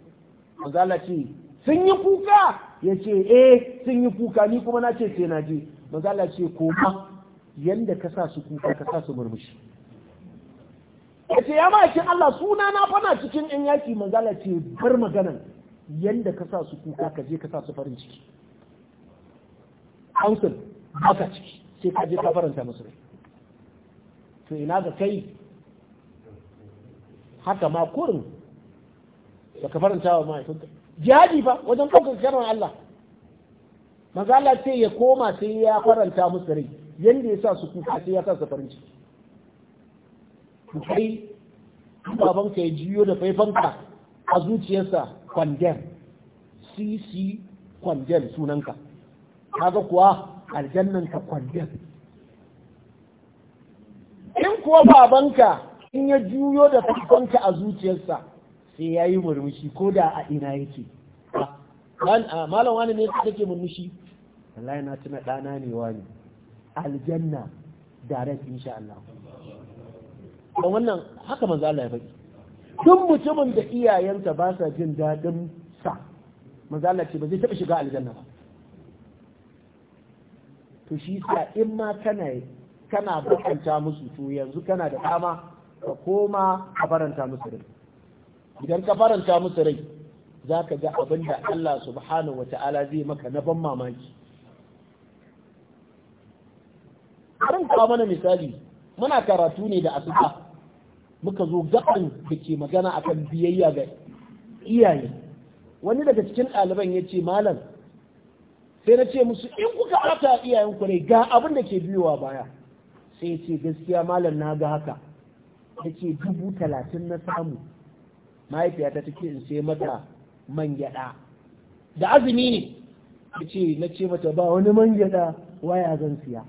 [SPEAKER 1] manzo Allah ce sun yi kuka ya ce eh sun yi kuka ni kuma na ce sai na je manzo Allah ce koma yanda ka sa su kuka ka sa su murmushi ya ce ya ma'aikin Allah suna na fa na cikin yan yaki manzo Allah ce bar maganan yanda ka sa su kuka ka je ka sa su farin ciki council ba ciki sai ka je kafaranta faranta musu to ina ga kai haka ma kurin ba ka faranta wa mahaifinka jihadi ba wajen ɗaukar kanon Allah maza ce ya koma sai ya faranta musu rai yadda ya sa su kuka sai ya sa su farin ciki kai babanka ya jiyo da faifanka a zuciyarsa kwandem cc kwandem sunanka kaga kuwa aljannan ka kwandin in kuwa babanka in ya juyo da farkonka a zuciyarsa sai ya yi murmushi ko da a ina yake malam wani ne ta take murmushi Allah na tuna ɗana ne wani aljanna direct insha Allah don wannan haka manzo Allah ya faɗi duk mutumin da iyayensa ba sa jin daɗin sa manzo Allah ce ba zai taɓa shiga aljanna ba to shi sa in ma kana kana bakanta musu to yanzu kana da dama ka koma ka faranta musu rai idan ka faranta musu rai za ka ga abin da Allah subhanahu wata'ala zai maka na ban mamaki karin kawo mana misali muna karatu ne da asuba muka zo gaban da ke magana akan biyayya ga iyaye wani daga cikin ɗaliban ya ce malam sai na ce musu in kuka ata iyayen ku ne ga abin da ke biyowa baya sai ya ce gaskiya malam na ga haka ya ce dubu talatin na samu mahaifiyata ta ce in sai mata man gyaɗa da azumi ne ya ce na ce mata ba wani man gyaɗa waya zan siya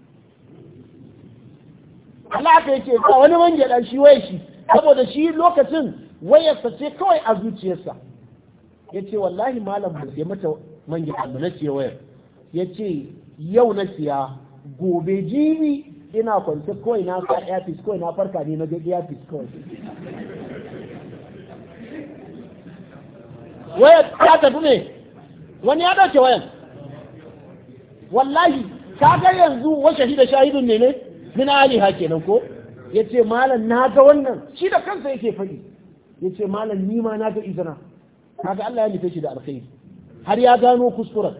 [SPEAKER 1] Allah ka ce ba wani man gyaɗa shi waya shi saboda shi lokacin wayarsa ce kawai a zuciyarsa ya ce wallahi malam ba sai mata man gyaɗa ba na ce wayar ya ce yau na siya gobe jini ina kwance kawai na sa airpis kawai na farka ne na ga airpis kawai waya ta tafi ne wani ya dauke wayan wallahi ka ga yanzu wa shahida shahidun ne ne min hake nan ko Ya ce malam na ga wannan shi da kansa yake faɗi ce malam ni ma na ga izina ga Allah ya nufe shi da alkhairi har ya gano kuskuren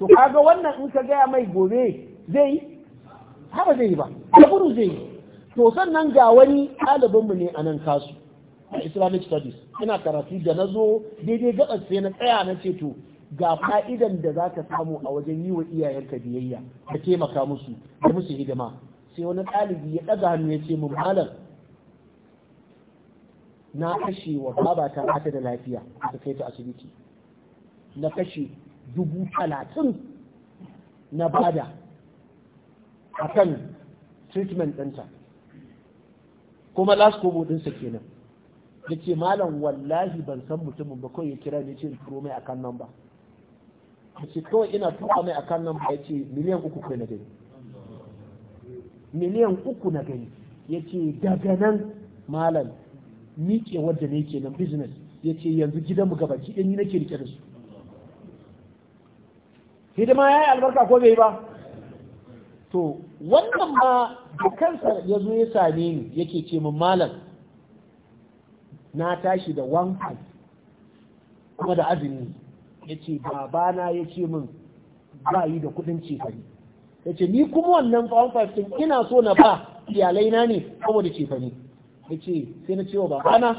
[SPEAKER 1] to kaga wannan in ka gaya mai gobe zai yi haba zai ba kaburu zai to sannan ga wani ɗalibinmu ne a nan kasu a islamic studies ina karatu da na zo daidai gaba sai na tsaya na ce to ga fa'idan da za ka samu a wajen yi wa iyayenka biyayya da taimaka musu da musu hidima sai wani ɗalibi ya ɗaga hannu ya ce mun malam na kashe wa babata ta da lafiya ta kai ta asibiti na kashe dubu talatin na bada a kan treatment ɗinta kuma last kobo ɗinsa kenan da ke malam wallahi ban san mutumin ba kawai ya kira ne ce turo mai akan nan ba da ce kawai ina tura mai akan nan ba ya ce miliyan uku kai na gani miliyan uku na gani ya ce daga nan malam miƙe wadda ne kenan business ya ce yanzu gidanmu gabaki ɗin ni nake rike da su hidima ya yi albarka ko bai ba to wannan ma da kansa ya zo ya same ni yake ce min malam na tashi da wankan kuma da azumi ya ce babana ya ce min ba yi da kudin cefani ya ce ni kuma wannan fawon ina so na ba iyalai na ne da cefani ya ce sai na cewa babana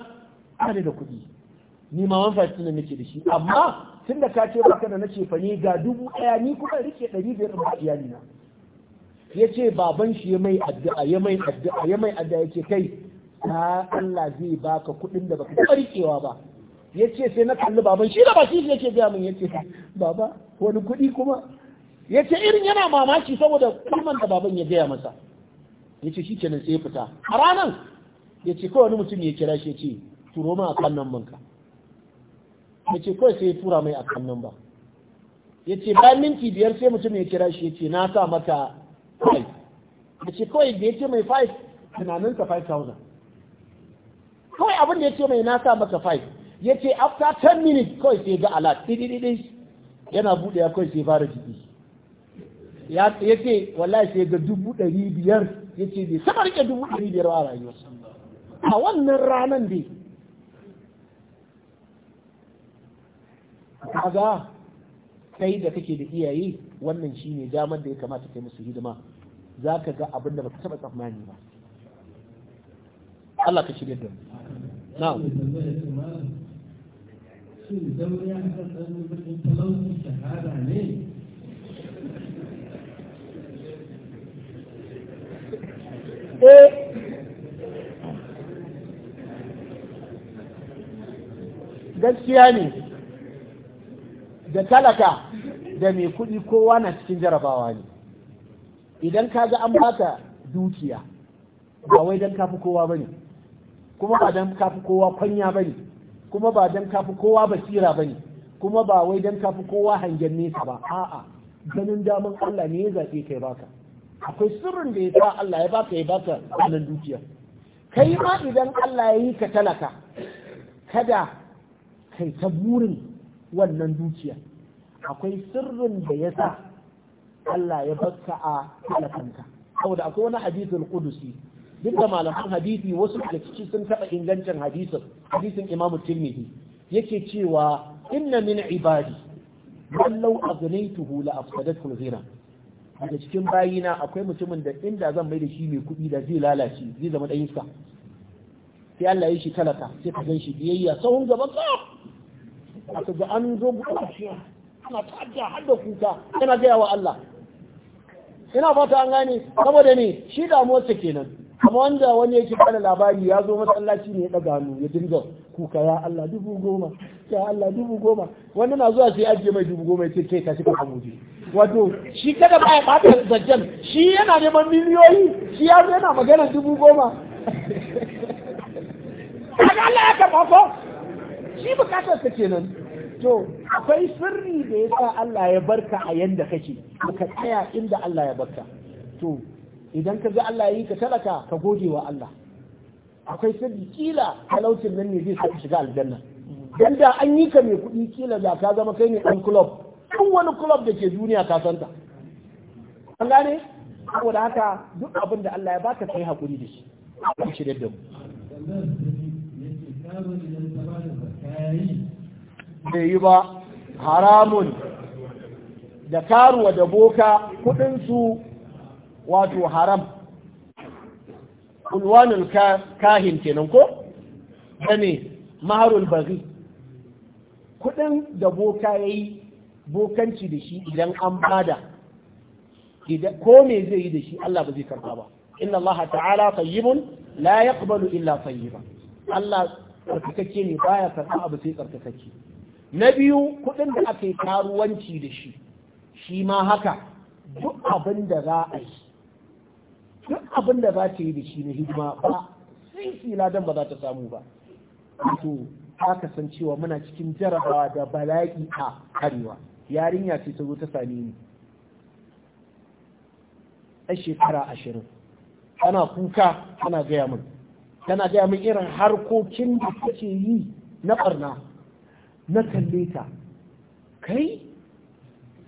[SPEAKER 1] ba da kudi ni ma 115 da nake da shi amma tun da ka ce baka da na ce ne ga dubu ɗaya ni kuma rike ɗari biyar ba iyali na ya ce baban shi ya mai addu'a ya mai addu'a ya mai addu'a ya ce kai ta Allah zai baka kuɗin da baka taɓa rikewa ba ya ce sai na kalli baban shi da ba shi yake gaya min ya ce baba wani kuɗi kuma ya ce irin yana mamaki saboda kalman da baban ya gaya masa ya ce shi kenan sai ya fita a ranan, ya ce kawai wani mutum ya kira shi ya ce turo ma a kan nan banka ya ce kawai sai ya tura mai a nan ba ya ce bayan minti biyar sai mutum ya kira shi ya ce na sa mata kai ya ce kawai da ya ce mai 5 tunaninsa 5,000 kawai abin da ya ce mai na sa mata 5 ya ce after 10 minutes kawai sai ga alat ɗiɗiɗiɗi yana buɗe ya kawai sai fara jiki ya ce wallahi sai ga dubu ɗari biyar ya ce bai saba rike dubu ɗari biyar a rayuwarsa a wannan ranar dai kaga kai da kake da iyaye wannan shi ne damar da ya kamata kai musu hidima za ka ga abin da ba ka taɓa tsammani ba Allah ka shirya da
[SPEAKER 2] mu na eh. gaskiya ne
[SPEAKER 1] da talaka da mai kuɗi kowa na cikin jarabawa ne idan ka ga an baka dukiya ba wai don kafi kowa ba ne kuma ba don kafi kowa kwanya ba ne kuma ba don kafi kowa basira ba ne kuma ba wai don kafi kowa hangen nesa ba a'a ganin daman Allah ne ya zaɓe kai baka akwai sirrin da ya sa Allah ya baka ya baka wannan dukiya kai ma idan Allah ya yi ka talaka kada kai ta burin wannan dukiya akwai sirrin da ya sa Allah ya baka a talakanka saboda akwai wani hadithul qudusi duk da malaman hadisi wasu da ciki sun taba ingancin hadisin hadisin Imam Tirmidhi yake cewa inna min ibadi man law aghnaytuhu la afsadathu ghira daga cikin bayina akwai mutumin da inda zan mai da shi mai kuɗi da zai lalace zai zama dan iska sai Allah ya shi talaka sai ka gan shi biyayya sahun gaba ka aka ga an zo buɗe kashiya ana tajja har da kuka yana gaya wa Allah ina fata an gane saboda ne shi motsa kenan amma wanda wani yake kana labari ya zo masallaci ne ya ɗaga hannu ya dinga kuka ya Allah dubu goma ya Allah dubu goma wani na zuwa sai ajiye mai dubu goma ya ce kai shi ka samu wato shi kada ba ya bata zajjan shi yana neman miliyoyi shi ya zo yana magana dubu goma Allah ya karɓa ko shi bukatar ka kenan to akwai sirri da ya sa Allah ya barka a yanda kake ka tsaya inda Allah ya barka to idan ka ga Allah ya yi ka talaka ka gode wa Allah akwai sirri kila talaucin nan ne zai sa shiga aljanna dan da an yi ka mai kuɗi kila da ka zama kai ne dan club duk wani club da ke duniya ka santa an gane saboda haka duk abin da Allah ya baka kai hakuri da shi a da
[SPEAKER 2] mu
[SPEAKER 1] bai yi ba haramun da karuwa da boka kudinsu wato haram ulwanul kahin kenan ko da ne maharul bari kudin da boka ya yi bokanci da shi idan an bada ko me zai yi da shi Allah ba zai karba ba inna Allah ta'ala tayyibun la yaqbalu illa tayyiba Allah tsarkakakke ne baya karɓar abu sai tsarkakakke na biyu kuɗin da aka yi karuwanci da shi shi ma haka duk abin da za a yi duk abin da za ta yi da shi na hidima ba sai fila don ba za ta samu ba to san cewa muna cikin jarabawa da bala'i a arewa yarinya ce ta zo ta same ni a shekara ashirin ana kuka ana gaya mun tana gaya min irin harkokin da kake yi na barna na kalle ta kai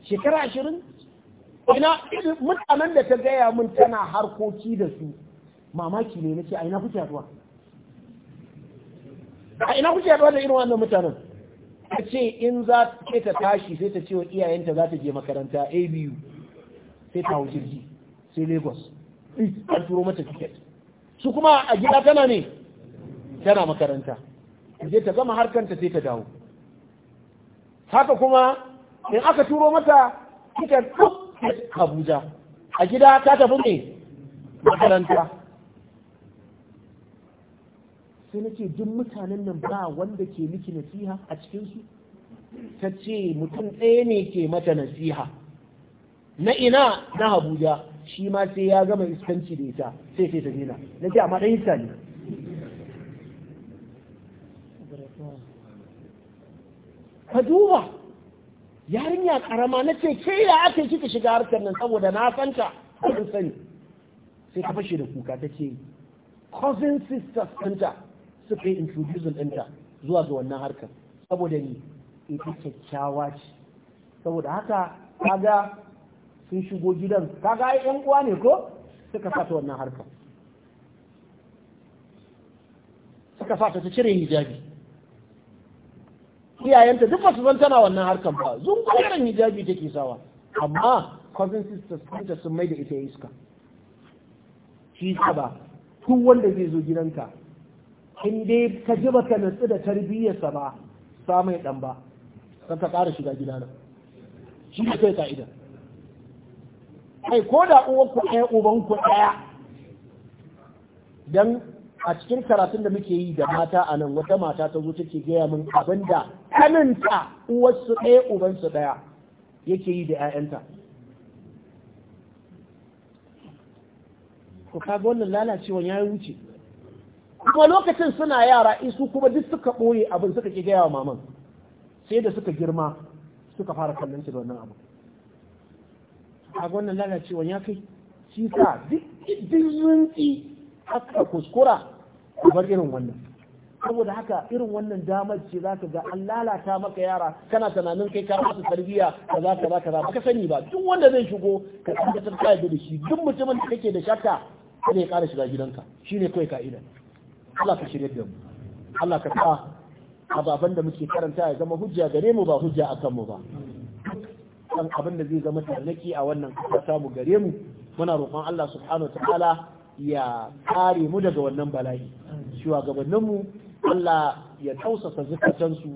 [SPEAKER 1] shekara ashirin ina mutanen da ta gaya min tana harkoki da su mamaki ne na ce a ina kuke haduwa a ina kuke haduwa da irin wannan mutanen ta ce in za ta tashi sai ta ce wa iyayenta za ta je makaranta abu sai ta hau jirgi sai lagos an turo mata tiket su kuma a gida tana ne tana makaranta je ta gama harkanta sai ta dawo haka kuma in aka turo mata kitan Abuja a gida ta tafi ne makaranta sai nake duk mutanen nan ba wanda ke miki nasiha a cikinsu ta ce mutum ɗaya ne ke mata nasiha na ina na Abuja shi ma sai ya gama iskanci da ita sai sai ta daina na ce a ɗan iska ne ka duba yarinya karama na ce ke ya aka kika shiga harkar nan saboda na santa ta sani sai ta fashe da kuka ta ce cousin sisters santa suka yi introducing ɗinta zuwa ga wannan harkar saboda ni ita kyakkyawa ce saboda haka kaga sun shigo gidan kaga ai yan uwa ne ko suka fata wannan harkar suka fata ta cire hijabi iyayenta duk basu zan tana wannan harkar ba zunguren hijabi take sawa amma cousin sisters ta sun mai da ita iska shi ba tun wanda zai zo gidanka in dai ka ji baka natsu da tarbiyyarsa ba samai ɗan ba don ka ƙara shiga gidana shi ne kai ka'idar ai ko da uwanku ɗaya ubanku ɗaya don a cikin karatun da muke yi da mata a nan wata mata ta zo take gaya min abin da kaninta uwarsu ɗaya ubansu ɗaya yake yi da 'ya'yanta ku kaga wannan lalacewan ya wuce kuma lokacin suna yara isu kuma duk suka ɓoye abin suka ke gaya wa maman sai da suka girma suka fara kallon shi da wannan abu a wannan lalacewa ya kai shi sa duk rinsi aka kuskura a bar irin wannan saboda haka irin wannan damar ce za ka ga an lalata maka yara kana tunanin kai ka masu tarbiyya ka za ka za ka za ka sani ba duk wanda zai shigo ka tabbatar ka yadda da shi duk mutumin da kake da shakka kada ya kara shiga gidanka shine kai ka'ida Allah ka shirya da mu Allah ka sa baban da muke karanta ya zama hujja gare mu ba hujja akan mu ba kan abin da zai zama tarnaki a wannan kasa ta mu gare mu muna roƙon Allah subhanahu ta'ala ya kare mu daga wannan bala'i shugabannin mu Allah ya tausasa su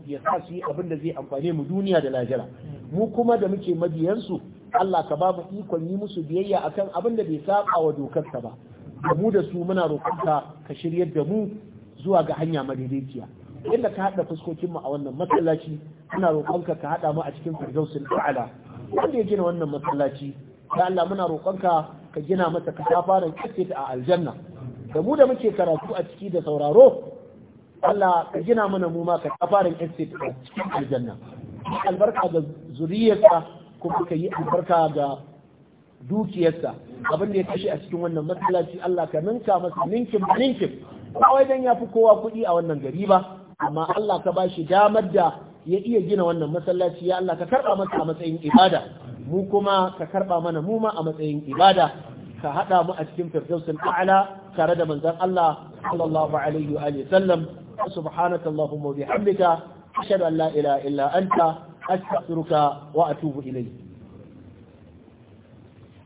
[SPEAKER 1] ya sa su yi abin da zai amfane mu duniya da lahira mu kuma da muke mabiyansu Allah ka ba mu ikon yi musu biyayya akan abin da bai saba wa dokarka ba da mu da su muna roƙon ka shiryar da mu zuwa ga hanya madaidaiciya inda ka haɗa fuskokinmu a wannan matsalaci, muna roƙonka ka haɗa mu a cikin firdausul ta'ala wanda ya gina wannan masallaci ya Allah muna roƙonka ka gina masa katafaren kace a aljanna da mu da muke karatu a ciki da sauraro Allah ka gina mana mu ma katafaren kace a cikin aljanna albarka ga zuriyarsa kuma ka yi albarka ga dukiyarsa abin da ya kashe a cikin wannan masallaci Allah ka ninka masa ninkin ninkin ba wai dan ya fi kowa kuɗi a wannan gari ba amma Allah ka bashi damar da ya iya gina wannan masallaci ya Allah ka karba masa a matsayin ibada mu kuma ka karba mana mu ma a matsayin ibada ka hada mu a cikin firdausul a'la tare da manzon Allah sallallahu alaihi wa alihi sallam subhanaka wa bihamdika ashhadu an la ilaha illa anta astaghfiruka wa atubu ilayk